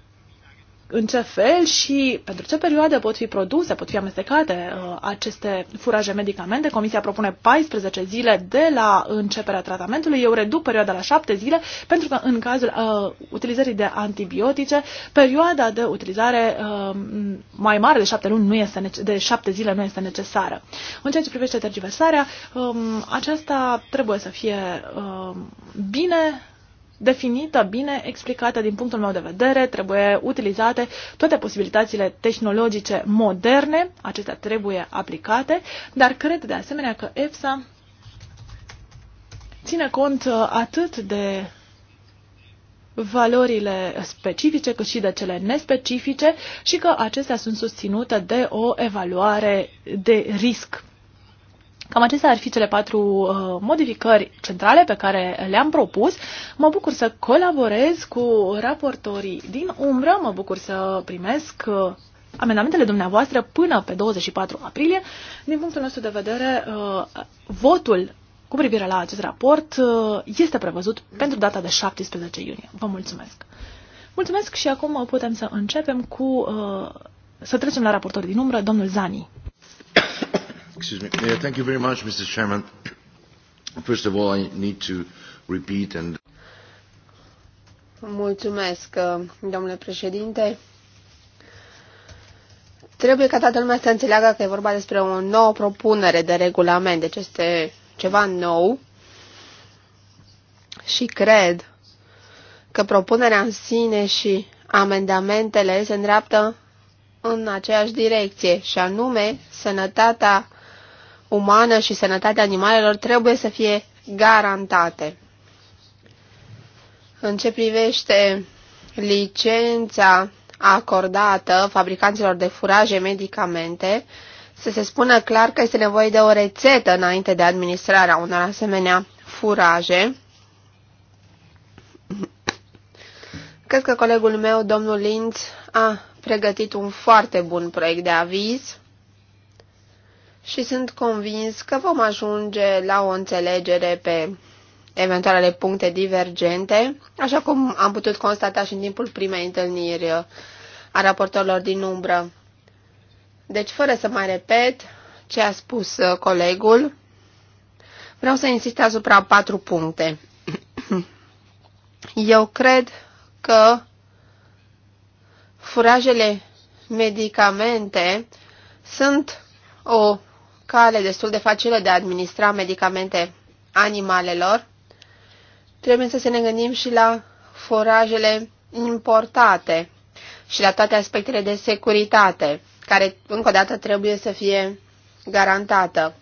în ce fel și pentru ce perioadă pot fi produse, pot fi amestecate uh, aceste furaje medicamente. Comisia propune 14 zile de la începerea tratamentului. Eu reduc perioada la 7 zile pentru că în cazul uh, utilizării de antibiotice, perioada de utilizare uh, mai mare de 7 luni nu este de 7 zile nu este necesară. În ceea ce privește tergiversarea, um, aceasta trebuie să fie uh, bine definită, bine explicată din punctul meu de vedere, trebuie utilizate toate posibilitățile tehnologice moderne, acestea trebuie aplicate, dar cred de asemenea că EFSA ține cont uh, atât de valorile specifice cât și de cele nespecifice și că acestea sunt susținute de o evaluare de risc. Cam acestea ar fi cele patru uh, modificări centrale pe care le-am propus. Mă bucur să colaborez cu raportorii din umbră, mă bucur să primesc uh, amendamentele dumneavoastră până pe 24 aprilie. Din punctul nostru de vedere, uh, votul cu privire la acest raport uh, este prevăzut pentru data de 17 iunie. Vă mulțumesc! Mulțumesc și acum putem să începem cu... Uh, să trecem la raportorii din umbră, domnul Zani. Excuse me. Yeah, thank you very much, Mr. Chairman. First of all, I need to repeat and... Mulțumesc, uh, domnule președinte. Trebuie ca toată lumea să înțeleagă că e vorba despre o nouă propunere de regulament, deci este ceva nou și cred că propunerea în sine și amendamentele se îndreaptă în aceeași direcție, și anume sănătatea umană și sănătatea animalelor trebuie să fie garantate. În ce privește licența acordată fabricanților de furaje medicamente, să se spună clar că este nevoie de o rețetă înainte de administrarea unor asemenea furaje. Cred că colegul meu, domnul Linz, a pregătit un foarte bun proiect de aviz și sunt convins că vom ajunge la o înțelegere pe eventualele puncte divergente, așa cum am putut constata și în timpul primei întâlniri a raportorilor din umbră. Deci, fără să mai repet ce a spus colegul, vreau să insist asupra patru puncte. Eu cred că furajele medicamente sunt o cale destul de facilă de a administra medicamente animalelor, trebuie să ne gândim și la forajele importate și la toate aspectele de securitate, care încă o dată trebuie să fie garantată.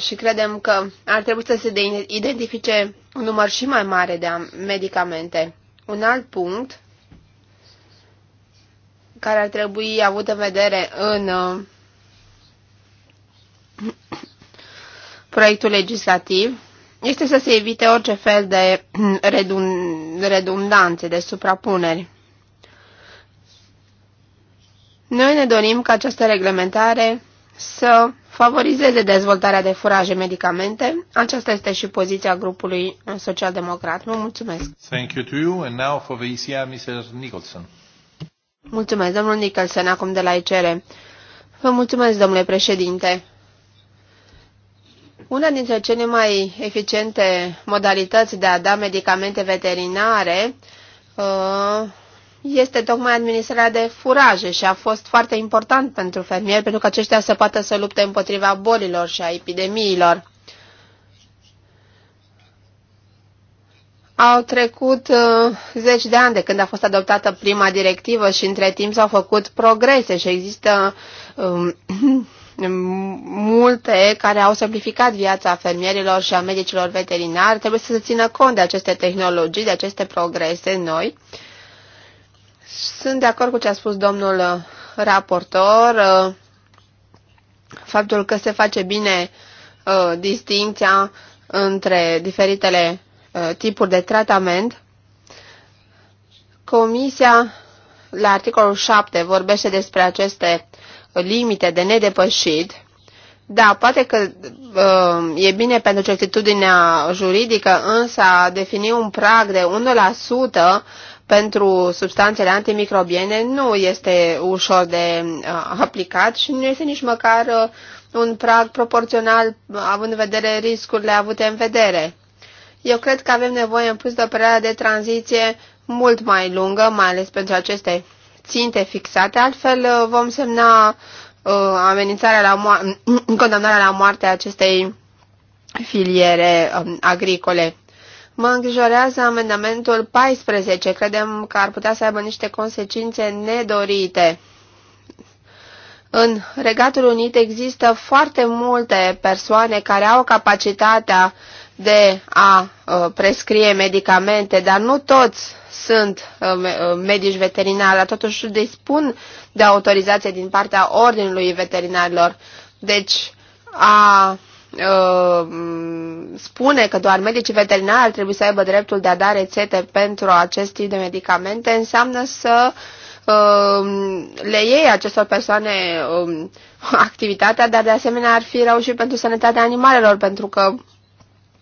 și credem că ar trebui să se identifice un număr și mai mare de medicamente. Un alt punct care ar trebui avut în vedere în uh, proiectul legislativ este să se evite orice fel de redundanțe, de suprapuneri. Noi ne dorim ca această reglementare să favorizeze dezvoltarea de furaje medicamente. Aceasta este și poziția grupului social-democrat. Vă mulțumesc. Thank you to you and now for the ECR, Mr. Nicholson. Mulțumesc, domnul Nicholson, acum de la ECR. Vă mulțumesc, domnule președinte. Una dintre cele mai eficiente modalități de a da medicamente veterinare uh, este tocmai administrarea de furaje și a fost foarte important pentru fermieri, pentru că aceștia se poată să lupte împotriva bolilor și a epidemiilor. Au trecut uh, zeci de ani de când a fost adoptată prima directivă și între timp s-au făcut progrese și există uh, multe care au simplificat viața fermierilor și a medicilor veterinari. Trebuie să se țină cont de aceste tehnologii, de aceste progrese noi. Uh, sunt de acord cu ce a spus domnul uh, raportor, uh, faptul că se face bine uh, distinția între diferitele tipuri de tratament. Comisia, la articolul 7, vorbește despre aceste limite de nedepășit. Da, poate că uh, e bine pentru certitudinea juridică, însă a defini un prag de pentru substanțele antimicrobiene nu este ușor de uh, aplicat și nu este nici măcar uh, un prag proporțional uh, având în vedere riscurile avute în vedere. Eu cred că avem nevoie în plus de o perioadă de tranziție mult mai lungă, mai ales pentru aceste ținte fixate, altfel vom semna uh, amenințarea la mo- condamnarea la moarte a acestei filiere um, agricole. Mă îngrijorează amendamentul 14. Credem că ar putea să aibă niște consecințe nedorite. În Regatul Unit există foarte multe persoane care au capacitatea de a uh, prescrie medicamente, dar nu toți sunt uh, uh, medici veterinari, totuși dispun de autorizație din partea Ordinului Veterinarilor. Deci, a Uh, spune că doar medicii veterinari trebuie să aibă dreptul de a da rețete pentru acest tip de medicamente, înseamnă să uh, le iei acestor persoane um, activitatea, dar de asemenea ar fi rău și pentru sănătatea animalelor, pentru că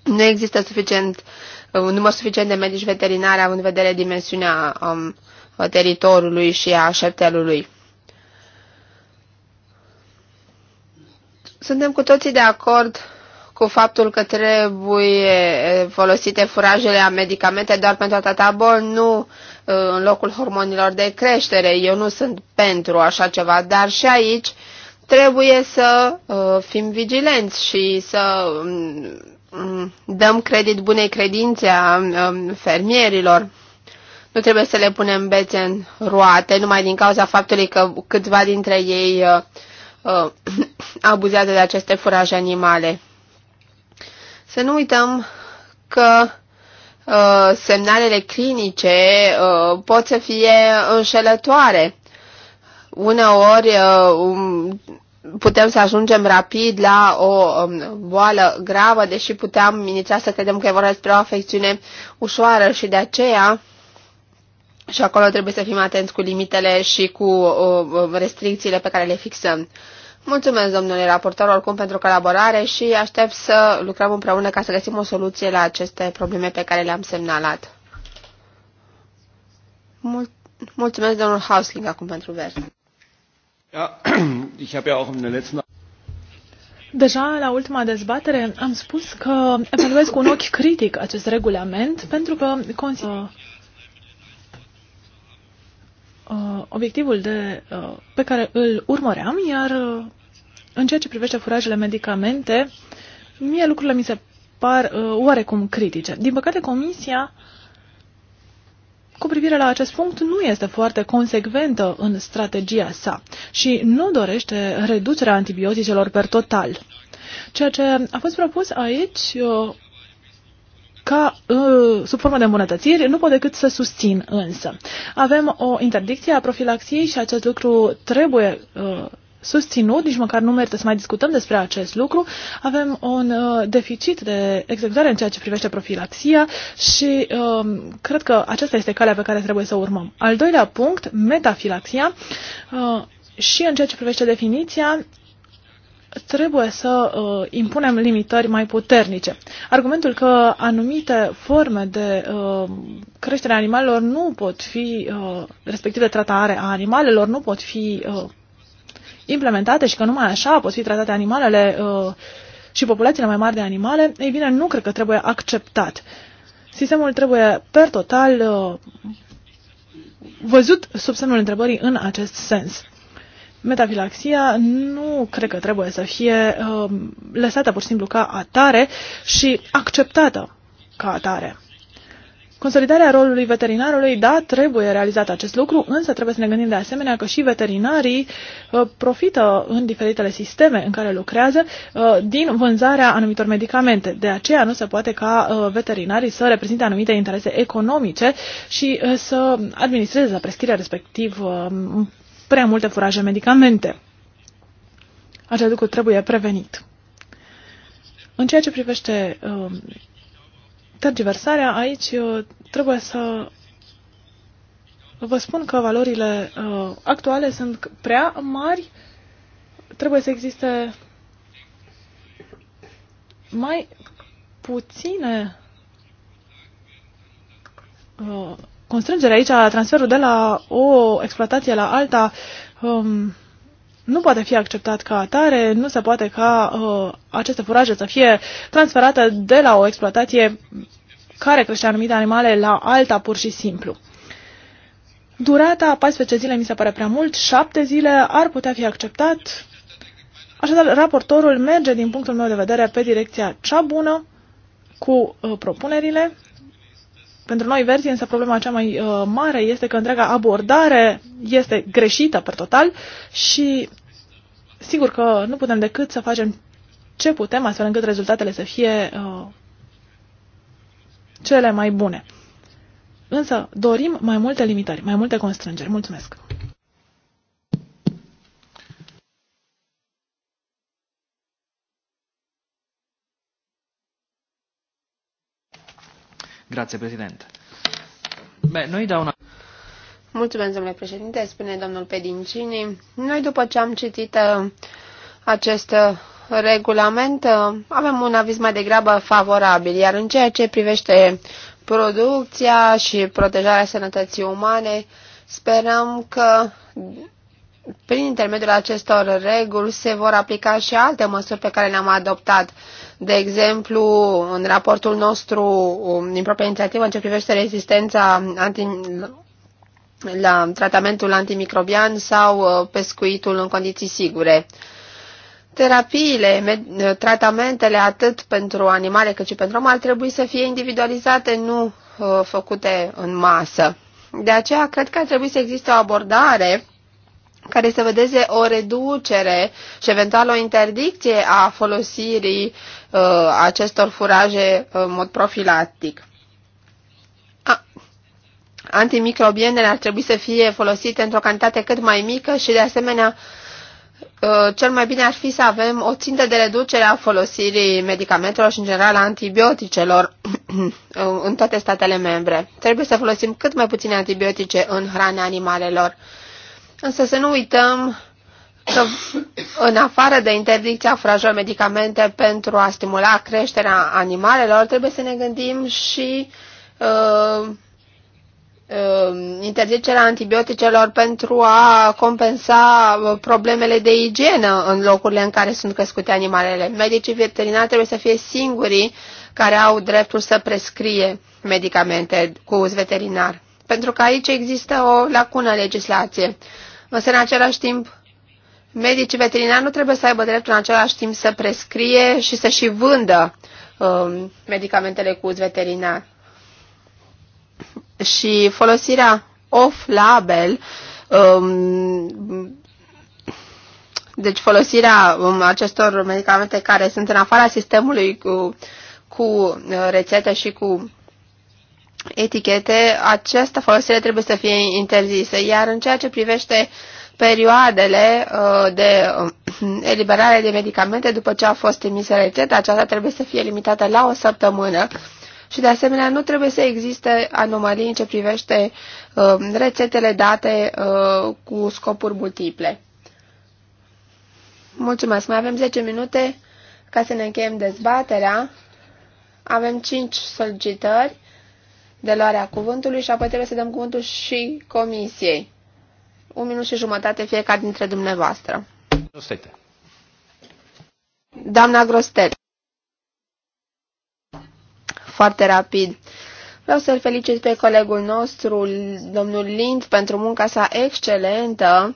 nu există suficient, uh, un număr suficient de medici veterinari având în vedere dimensiunea um, teritoriului și a șertelului. Suntem cu toții de acord cu faptul că trebuie eh, folosite furajele a medicamente doar pentru a trata boli, nu eh, în locul hormonilor de creștere. Eu nu sunt pentru așa ceva, dar și aici trebuie să eh, fim vigilenți și să mm, mm, dăm credit bunei credințe a mm, fermierilor. Nu trebuie să le punem bețe în roate, numai din cauza faptului că câțiva dintre ei uh, abuzează de aceste furaje animale. Să nu uităm că uh, semnalele clinice uh, pot să fie înșelătoare. Uneori uh, um, putem să ajungem rapid la o um, boală gravă, deși puteam inițial să credem că e vorba despre o afecțiune ușoară și de aceea și acolo trebuie să fim atenți cu limitele și cu uh, restricțiile pe care le fixăm. Mulțumesc, domnule raportor, oricum pentru colaborare și aștept să lucrăm împreună ca să găsim o soluție la aceste probleme pe care le-am semnalat. Mul Mulțumesc, domnul Hausling, acum pentru vers. Ja, ich habe ja auch in der letzten Deja la ultima dezbatere am spus că evaluez cu un ochi critic acest regulament pentru că consider uh, obiectivul de, uh, pe care îl urmăream, iar uh, în ceea ce privește furajele medicamente, mie lucrurile mi se par uh, oarecum critice. Din păcate, Comisia cu privire la acest punct nu este foarte consecventă în strategia sa și nu dorește reducerea antibioticelor per total. Ceea ce a fost propus aici uh, ca uh, sub formă de îmbunătățiri, nu pot decât să susțin însă. Avem o interdicție a profilaxiei și acest lucru trebuie uh, susținut, nici măcar nu merită să mai discutăm despre acest lucru. Avem un uh, deficit de executare în ceea ce privește profilaxia și um, cred că aceasta este calea pe care trebuie să urmăm. Al doilea punct, metafilaxia. și în ceea ce privește definiția, trebuie să uh, impunem limitări mai puternice. Argumentul că anumite forme de uh, creștere a animalelor nu pot fi, uh, respectiv de tratare a animalelor, nu pot fi uh, implementate și că numai așa pot fi tratate animalele uh, și populațiile mai mari de animale, ei bine, nu cred că trebuie acceptat. Sistemul trebuie, per total, uh, văzut sub semnul întrebării în acest sens metafilaxia nu cred că trebuie să fie uh, lăsată pur și simplu ca atare și acceptată ca atare. Consolidarea rolului veterinarului, da, trebuie realizat acest lucru, însă trebuie să ne gândim de asemenea că și veterinarii uh, profită în diferitele sisteme în care lucrează uh, din vânzarea anumitor medicamente. De aceea nu se poate ca uh, veterinarii să reprezinte anumite interese economice și să administreze la prescrierea respectiv um, prea multe furaje medicamente. Acest lucru trebuie prevenit. În ceea ce privește uh, tergiversarea, aici uh, trebuie să vă spun că valorile uh, actuale sunt prea mari. Trebuie să existe mai puține uh, constrângere aici a transferul de la o exploatație la alta um, nu poate fi acceptat ca atare, nu se poate ca uh, aceste furaje să fie transferate de la o exploatație care crește anumite animale la alta pur și simplu. Durata 14 zile mi se pare prea mult, 7 zile ar putea fi acceptat. Așadar, raportorul merge din punctul meu de vedere pe direcția cea bună cu uh, propunerile pentru noi, verzi, însă problema cea mai uh, mare este că întreaga abordare este greșită pe total și sigur că nu putem decât să facem ce putem astfel încât rezultatele să fie uh, cele mai bune. Însă dorim mai multe limitări, mai multe constrângeri. Mulțumesc! Grazie, Presidente. Beh, noi da una... Mulțumesc, domnule președinte, spune domnul Pedincini. Noi, după ce am citit uh, acest uh, regulament, uh, avem un aviz mai degrabă favorabil, iar în ceea ce privește producția și protejarea sănătății umane, sperăm că prin intermediul acestor reguli se vor aplica și alte măsuri pe care le-am adoptat. De exemplu, în raportul nostru um, din propria inițiativă în ce privește rezistența anti la tratamentul antimicrobian sau uh, pescuitul în condiții sigure. Terapiile, tratamentele atât pentru animale cât și pentru om ar trebui să fie individualizate, nu uh, făcute în masă. De aceea, cred că ar trebui să existe o abordare care să vedeze o reducere și eventual o interdicție a folosirii uh, acestor furaje în mod profilactic. antimicrobienele ar trebui să fie folosite într-o cantitate cât mai mică și, de asemenea, uh, cel mai bine ar fi să avem o țintă de reducere a folosirii medicamentelor și, în general, a antibioticelor în toate statele membre. Trebuie să folosim cât mai puține antibiotice în hrane animalelor. Însă să nu uităm că în afară de interdicția furajului medicamente pentru a stimula creșterea animalelor, trebuie să ne gândim și uh, uh, interzicerea antibioticelor pentru a compensa problemele de igienă în locurile în care sunt crescute animalele. Medicii veterinari trebuie să fie singurii care au dreptul să prescrie medicamente cu uz veterinar, pentru că aici există o lacună în legislație. Însă, în același timp, medicii veterinari nu trebuie să aibă dreptul în același timp să prescrie și să și vândă um, medicamentele cu uz veterinar. Și folosirea off-label, um, deci folosirea um, acestor medicamente care sunt în afara sistemului cu, cu uh, rețetă și cu etichete, această folosire trebuie să fie interzisă. Iar în ceea ce privește perioadele uh, de uh, eliberare de medicamente după ce a fost emisă rețeta, aceasta trebuie să fie limitată la o săptămână și de asemenea nu trebuie să existe anomalii în ce privește uh, rețetele date cu scopuri multiple. Mulțumesc. Mai avem 10 minute ca să ne încheiem dezbaterea. Avem 5 solicitări de luarea cuvântului și apoi trebuie să dăm cuvântul și comisiei. Un minut și jumătate fiecare dintre dumneavoastră. Grostete. Doamna Grostet. Foarte rapid. Vreau să-l felicit pe colegul nostru, domnul Lind, pentru munca sa excelentă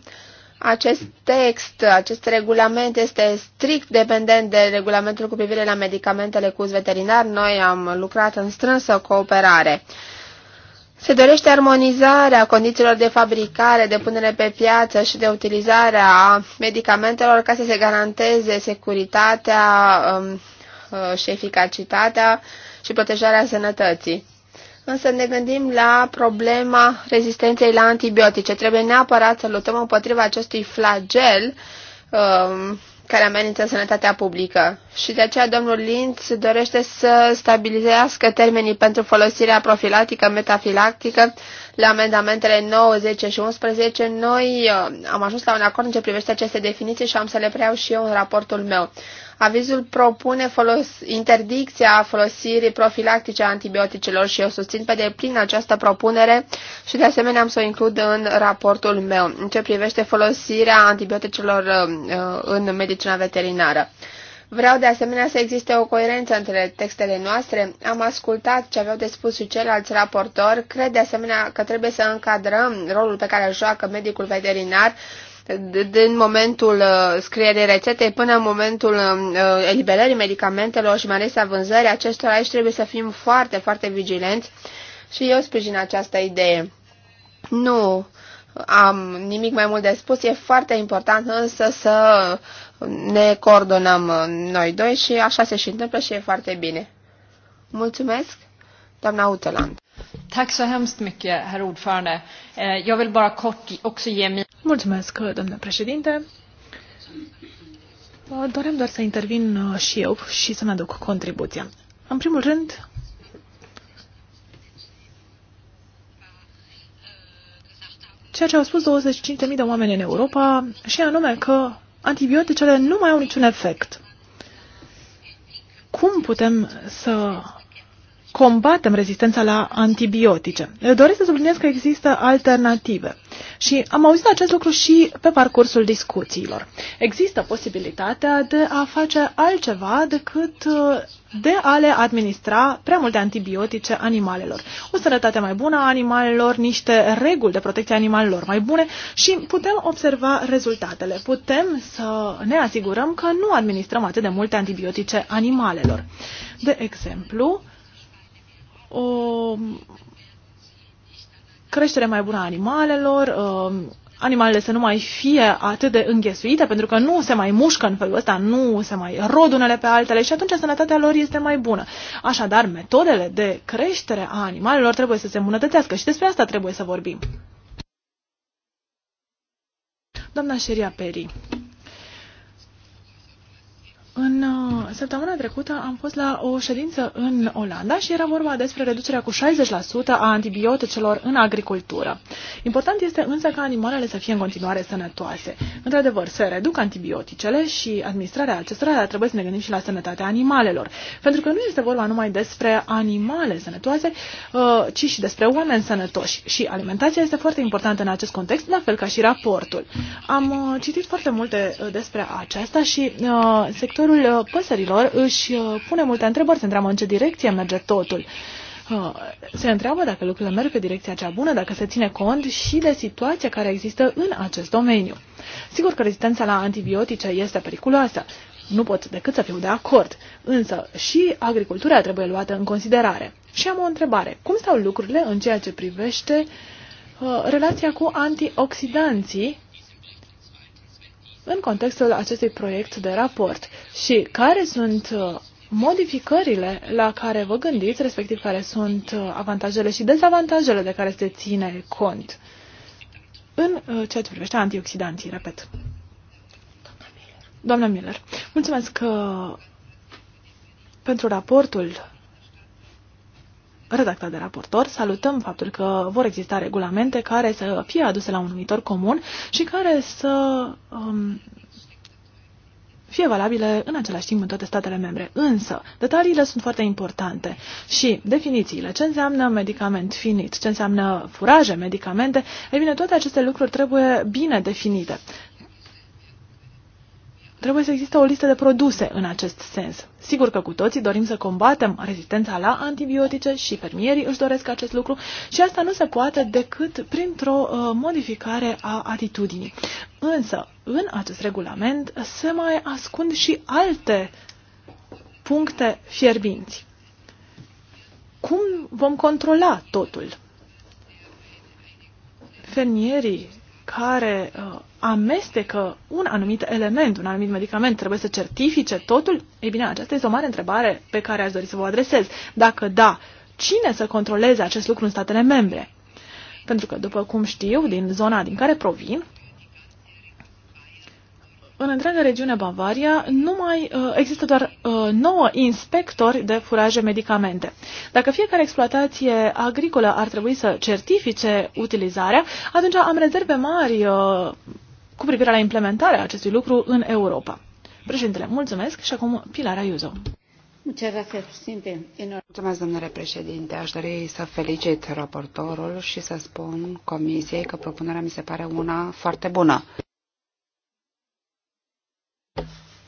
acest text, acest regulament este strict dependent de regulamentul cu privire la medicamentele cu uz veterinar. Noi am lucrat în strânsă cooperare. Se dorește armonizarea condițiilor de fabricare, de punere pe piață și de utilizare a medicamentelor ca să se garanteze securitatea um, uh, și eficacitatea și protejarea sănătății. Însă ne gândim la problema rezistenței la antibiotice. Trebuie neapărat să luptăm împotriva acestui flagel um, care amenință sănătatea publică. Și de aceea domnul Linz dorește să stabilizească termenii pentru folosirea profilactică, metafilactică la amendamentele 9, 10 și 11. Noi uh, am ajuns la un acord în ce privește aceste definiții și am să le preiau și eu în raportul meu. Avizul propune folos interdicția folosirii profilactice a antibioticelor și eu susțin pe deplin această propunere și de asemenea am să o includ în raportul meu în ce privește folosirea antibioticelor uh, uh, în medicina veterinară. Vreau de asemenea să existe o coerență între textele noastre. Am ascultat ce aveau de spus și ceilalți raportori. Cred de asemenea că trebuie să încadrăm rolul pe care îl joacă medicul veterinar din momentul uh, scrierii rețetei până în momentul um, uh, eliberării medicamentelor și mai ales a vânzării acestora, aici trebuie să fim foarte, foarte vigilenți și eu sprijin această idee. Nu am nimic mai mult de spus, e foarte important însă să ne coordonăm uh, noi doi și așa se și întâmplă și e foarte bine. Mulțumesc, doamna Uteland. Tack så hemskt mycket, herr ordförande. Eh, jag vill bara kort också ge Mulțumesc, domnule președinte. Doream doar să intervin uh, și eu și să-mi aduc contribuția. În primul rând, ceea ce au spus 25.000 de oameni în Europa, și anume că antibioticele nu mai au niciun efect. Cum putem să combatem rezistența la antibiotice. Eu doresc să subliniez că există alternative și am auzit acest lucru și pe parcursul discuțiilor. Există posibilitatea de a face altceva decât uh, de a le administra prea multe antibiotice animalelor. O sănătate mai bună a animalelor, niște reguli de protecție a animalelor mai bune și putem observa rezultatele. Putem să ne asigurăm că nu administrăm atât de multe antibiotice animalelor. De exemplu, o creștere mai bună a animalelor, uh, animalele să nu mai fie atât de înghesuite, pentru că nu se mai mușcă în felul ăsta, nu se mai rod unele pe altele și atunci sănătatea lor este mai bună. Așadar, metodele de creștere a animalelor trebuie să se îmbunătățească și despre asta trebuie să vorbim. Doamna Șeria Peri. În uh, săptămâna trecută am fost la o ședință în Olanda și era vorba despre reducerea cu 60% a antibioticelor în agricultură. Important este însă ca animalele să fie în continuare sănătoase. Într-adevăr, se reduc antibioticele și administrarea acestora, dar trebuie să ne gândim și la sănătatea animalelor. Pentru că nu este vorba numai despre animale sănătoase, uh, ci și despre oameni sănătoși. Și alimentația este foarte importantă în acest context, la fel ca și raportul. Am uh, citit foarte multe despre aceasta și sectorul sectorul uh, păsărilor își uh, pune multe întrebări, se întreabă în ce direcție merge totul. Uh, se întreabă dacă lucrurile merg pe direcția cea bună, dacă se ține cont și de situația care există în acest domeniu. Sigur că rezistența la antibiotice este periculoasă, nu pot decât să fiu de acord, însă și agricultura trebuie luată în considerare. Și am o întrebare. Cum stau lucrurile în ceea ce privește uh, relația cu antioxidanții în contextul acestui proiect de raport și care sunt uh, modificările la care vă gândiți, respectiv care sunt uh, avantajele și dezavantajele de care se ține cont în uh, ceea ce privește antioxidanții, repet. Doamna Miller, mulțumesc că pentru raportul redactat de raportor. Salutăm faptul că vor exista regulamente care să fie aduse la un numitor comun și care să um, fie valabile în același timp în toate statele membre. Însă, detaliile sunt foarte importante și definițiile, ce înseamnă medicament finit, ce înseamnă furaje, medicamente, ei bine, toate aceste lucruri trebuie bine definite. Trebuie să existe o listă de produse în acest sens. Sigur că cu toții dorim să combatem rezistența la antibiotice și fermierii își doresc acest lucru și asta nu se poate decât printr-o uh, modificare a atitudinii. Însă, în acest regulament se mai ascund și alte puncte fierbinți. Cum vom controla totul? Fermierii care uh, amestecă un anumit element, un anumit medicament, trebuie să certifice totul? Ei bine, aceasta este o mare întrebare pe care aș dori să vă adresez. Dacă da, cine să controleze acest lucru în statele membre? Pentru că, după cum știu, din zona din care provin, în întreaga regiune Bavaria nu mai uh, există doar 9 uh, inspectori de furaje medicamente. Dacă fiecare exploatație agricolă ar trebui să certifice utilizarea, atunci am rezerve mari uh, cu privire la implementarea acestui lucru în Europa. Președintele, mulțumesc și acum Pilar Ayuso. Mulțumesc, domnule președinte. Aș dori să felicit raportorul și să spun comisiei că propunerea mi se pare una foarte bună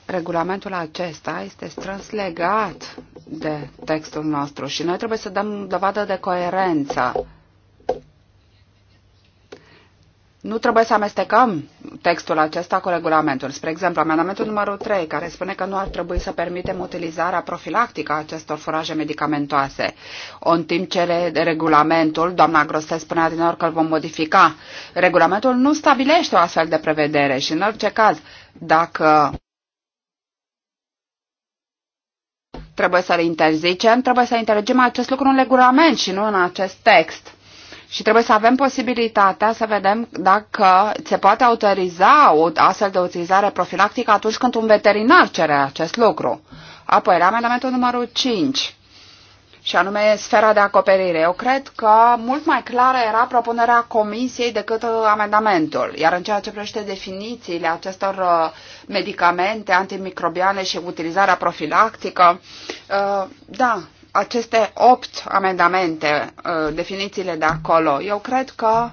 regulamentul acesta este strâns legat de textul nostru și noi trebuie să dăm dovadă de coerență. Nu trebuie să amestecăm textul acesta cu regulamentul. Spre exemplu, amendamentul numărul 3, care spune că nu ar trebui să permitem utilizarea profilactică a acestor furaje medicamentoase. O, în timp ce regulamentul, doamna Grosset spunea din ori că îl vom modifica, regulamentul nu stabilește o astfel de prevedere și, în orice caz, dacă trebuie să le interzicem, trebuie să interzicem acest lucru în regulament și nu în acest text. Și trebuie să avem posibilitatea să vedem dacă se poate autoriza o astfel de utilizare profilactică atunci când un veterinar cere acest lucru. Apoi, amendamentul numărul 5 și anume sfera de acoperire. Eu cred că mult mai clară era propunerea comisiei decât uh, amendamentul, iar în ceea ce privește definițiile acestor uh, medicamente antimicrobiale și utilizarea profilactică, uh, da, aceste opt amendamente, definițiile de acolo, eu cred că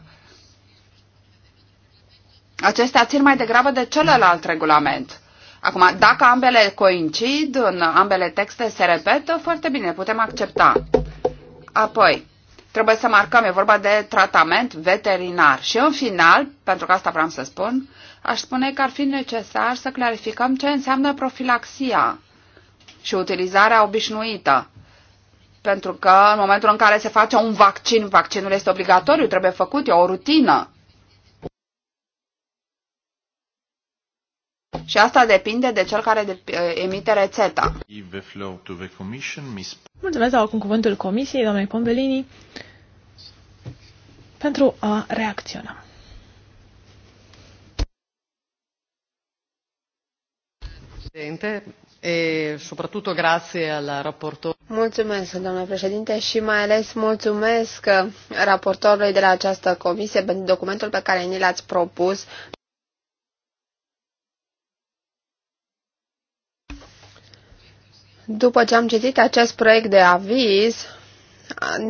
acestea țin mai degrabă de celălalt regulament Acum, dacă ambele coincid, în ambele texte se repetă, foarte bine, putem accepta. Apoi, trebuie să marcăm, e vorba de tratament veterinar. Și în final, pentru că asta vreau să spun, aș spune că ar fi necesar să clarificăm ce înseamnă profilaxia și utilizarea obișnuită. Pentru că în momentul în care se face un vaccin, vaccinul este obligatoriu, trebuie făcut, e o rutină. Și asta depinde de cel care de, eh, emite rețeta. Mulțumesc, dau acum cuvântul Comisiei, doamnei Pombelini, pentru a reacționa. Presidente, e soprattutto grazie al rapporto. Mulțumesc, doamnă președinte, și mai ales mulțumesc eh, raportorului de la această comisie pentru documentul pe care ni l-ați propus. După ce am citit acest proiect de aviz,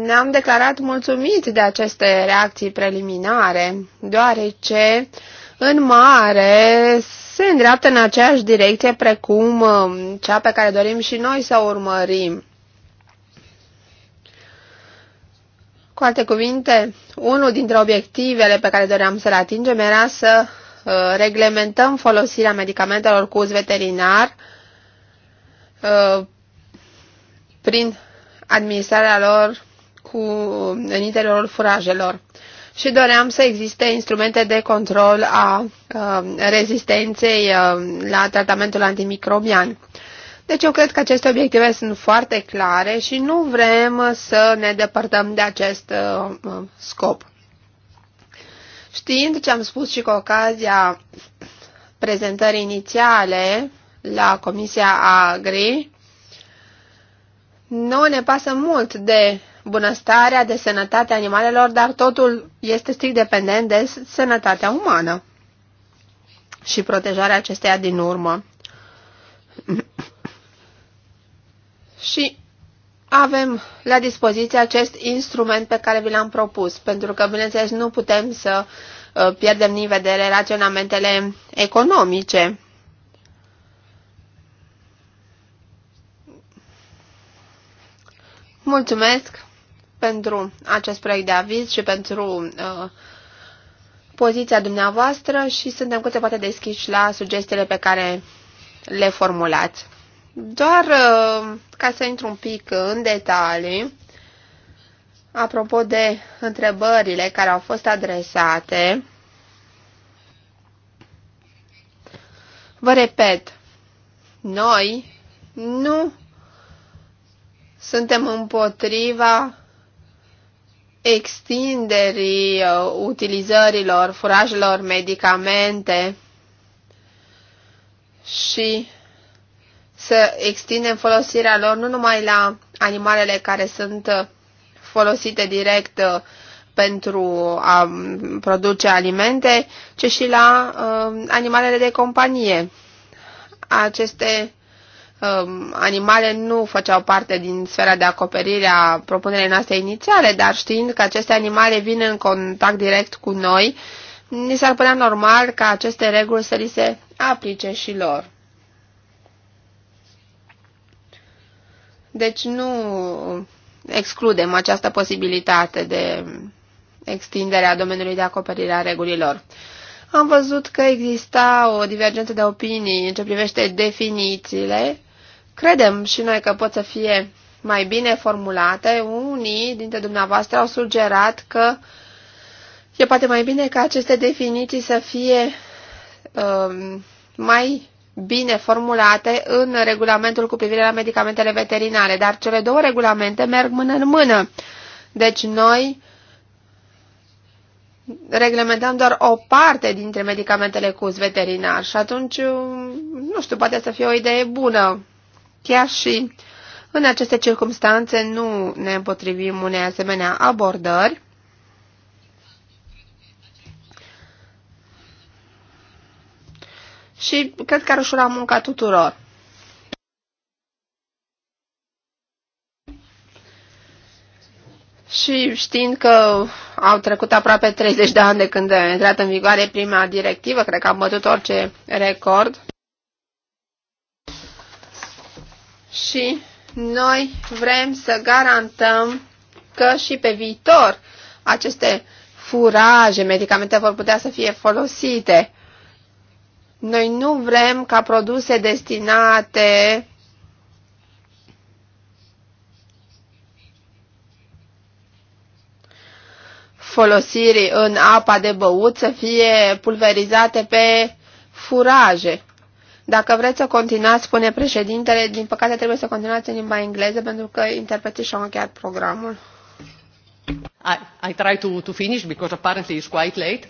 ne-am declarat mulțumiți de aceste reacții preliminare, deoarece în mare se îndreaptă în aceeași direcție precum um, cea pe care dorim și noi să o urmărim. Cu alte cuvinte, unul dintre obiectivele pe care doream să le atingem era să uh, reglementăm folosirea medicamentelor cu uz veterinar Uh, prin administrarea lor cu, în interiorul furajelor. Și doream să existe instrumente de control a, uh, rezistenței uh, la tratamentul antimicrobian. Deci eu cred că aceste obiective sunt foarte clare și nu vrem să ne depărtăm de acest scop. Știind ce am spus și cu ocazia prezentării inițiale, la Comisia Agri, nu ne pasă mult de bunăstarea, de sănătatea animalelor, dar totul este strict dependent de sănătatea umană și protejarea acesteia din urmă. și avem la dispoziție acest instrument pe care vi l-am propus, pentru că, bineînțeles, nu putem să uh, pierdem din vedere raționamentele economice Mulțumesc pentru acest proiect de aviz și pentru uh, poziția dumneavoastră și suntem cât se poate deschiși la sugestiile pe care le formulați. Doar uh, ca să intru un pic în detalii, apropo de întrebările care au fost adresate, vă repet, noi nu suntem împotriva extinderii uh, utilizărilor furajelor medicamente și să extindem folosirea lor nu numai la animalele care sunt uh, folosite direct uh, pentru a um, produce alimente, ci și la uh, animalele de companie. Aceste Um, animale nu făceau parte din sfera de acoperire a propunerii noastre inițiale, dar știind că aceste animale vin în contact direct cu noi, ni s-ar părea normal ca aceste reguli să li se aplice și lor. Deci nu excludem această posibilitate de extindere a domeniului de acoperire a regulilor. Am văzut că exista o divergență de opinii în ce privește definițiile Credem și noi că pot să fie mai bine formulate. Unii dintre dumneavoastră au sugerat că e poate mai bine ca aceste definiții să fie um, mai bine formulate în regulamentul cu privire la medicamentele veterinare, dar cele două regulamente merg mână în mână. Deci noi reglementăm doar o parte dintre medicamentele cu veterinar și atunci, um, nu știu, poate să fie o idee bună Chiar și în aceste circunstanțe nu ne împotrivim unei asemenea abordări. Și cred că ar ușura munca tuturor. Și știind că au trecut aproape 30 de ani de când a intrat în vigoare prima directivă, cred că am bătut orice record. și noi vrem să garantăm că și pe viitor aceste furaje, medicamente vor putea să fie folosite. Noi nu vrem ca produse destinate folosirii în apa de băut să fie pulverizate pe furaje. Dacă vreți să continuați, spune președintele, din păcate trebuie să continuați în limba engleză pentru că interpreții și-au încheiat programul. I, I try to, to finish because apparently it's quite late.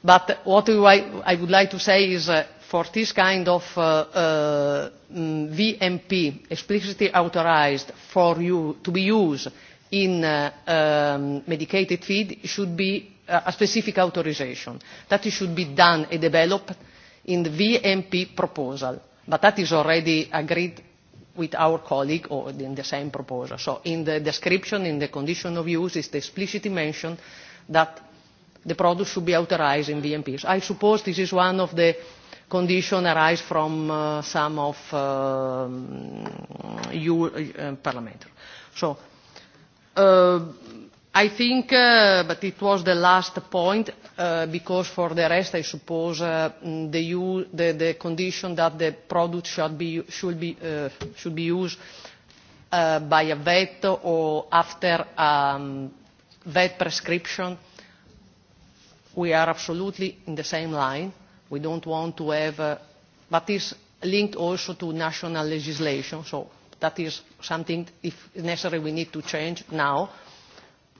But what I, I would like to say is uh, for this kind of uh, uh, mm, VMP explicitly authorized for you to be used in uh, um, medicated feed should be uh, a specific authorization. That should be done and developed in the VMP proposal, but that is already agreed with our colleague or in the same proposal. So in the description, in the condition of use, it's explicitly mentioned that the product should be authorized in VMPs. I suppose this is one of the conditions arise from uh, some of um, uh, you uh, parliamentary. So uh, I think, uh, but it was the last point, uh, because for the rest, I suppose uh, the, use, the, the condition that the product should be, should be, uh, should be used uh, by a vet or after um, vet prescription, we are absolutely in the same line. We don't want to have, uh, but it's linked also to national legislation, so that is something, if necessary, we need to change now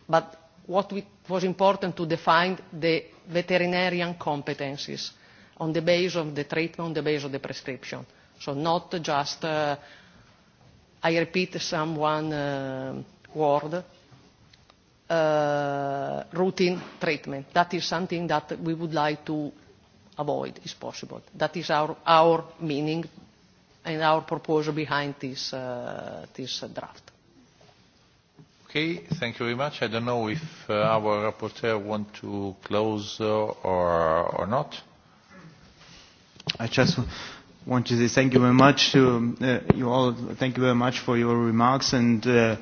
but what we, was important to define the veterinarian competencies on the basis of the treatment, on the basis of the prescription. So not just, uh, I repeat some one uh, word, uh, routine treatment. That is something that we would like to avoid, if possible. That is our, our meaning and our proposal behind this, uh, this draft. Okay, thank you very much. I don't know if uh, our rapporteur want to close uh, or, or not. I just want to say thank you very much to uh, you all. Thank you very much for your remarks. And uh,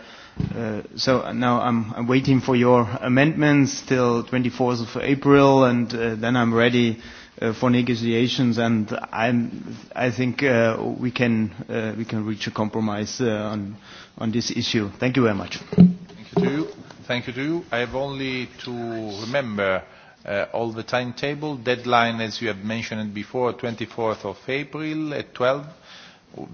uh, so now I'm, I'm waiting for your amendments till 24th of April, and uh, then I'm ready uh, for negotiations. And I'm, I think uh, we can uh, we can reach a compromise uh, on on this issue. Thank you very much. Thank you to you. I have only to remember uh, all the timetable. Deadline, as you have mentioned before, 24th of April at 12.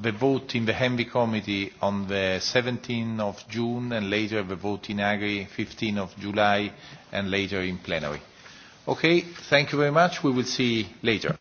The vote in the HENVI committee on the 17th of June and later the vote in AGRI 15th of July and later in plenary. Okay, thank you very much. We will see later.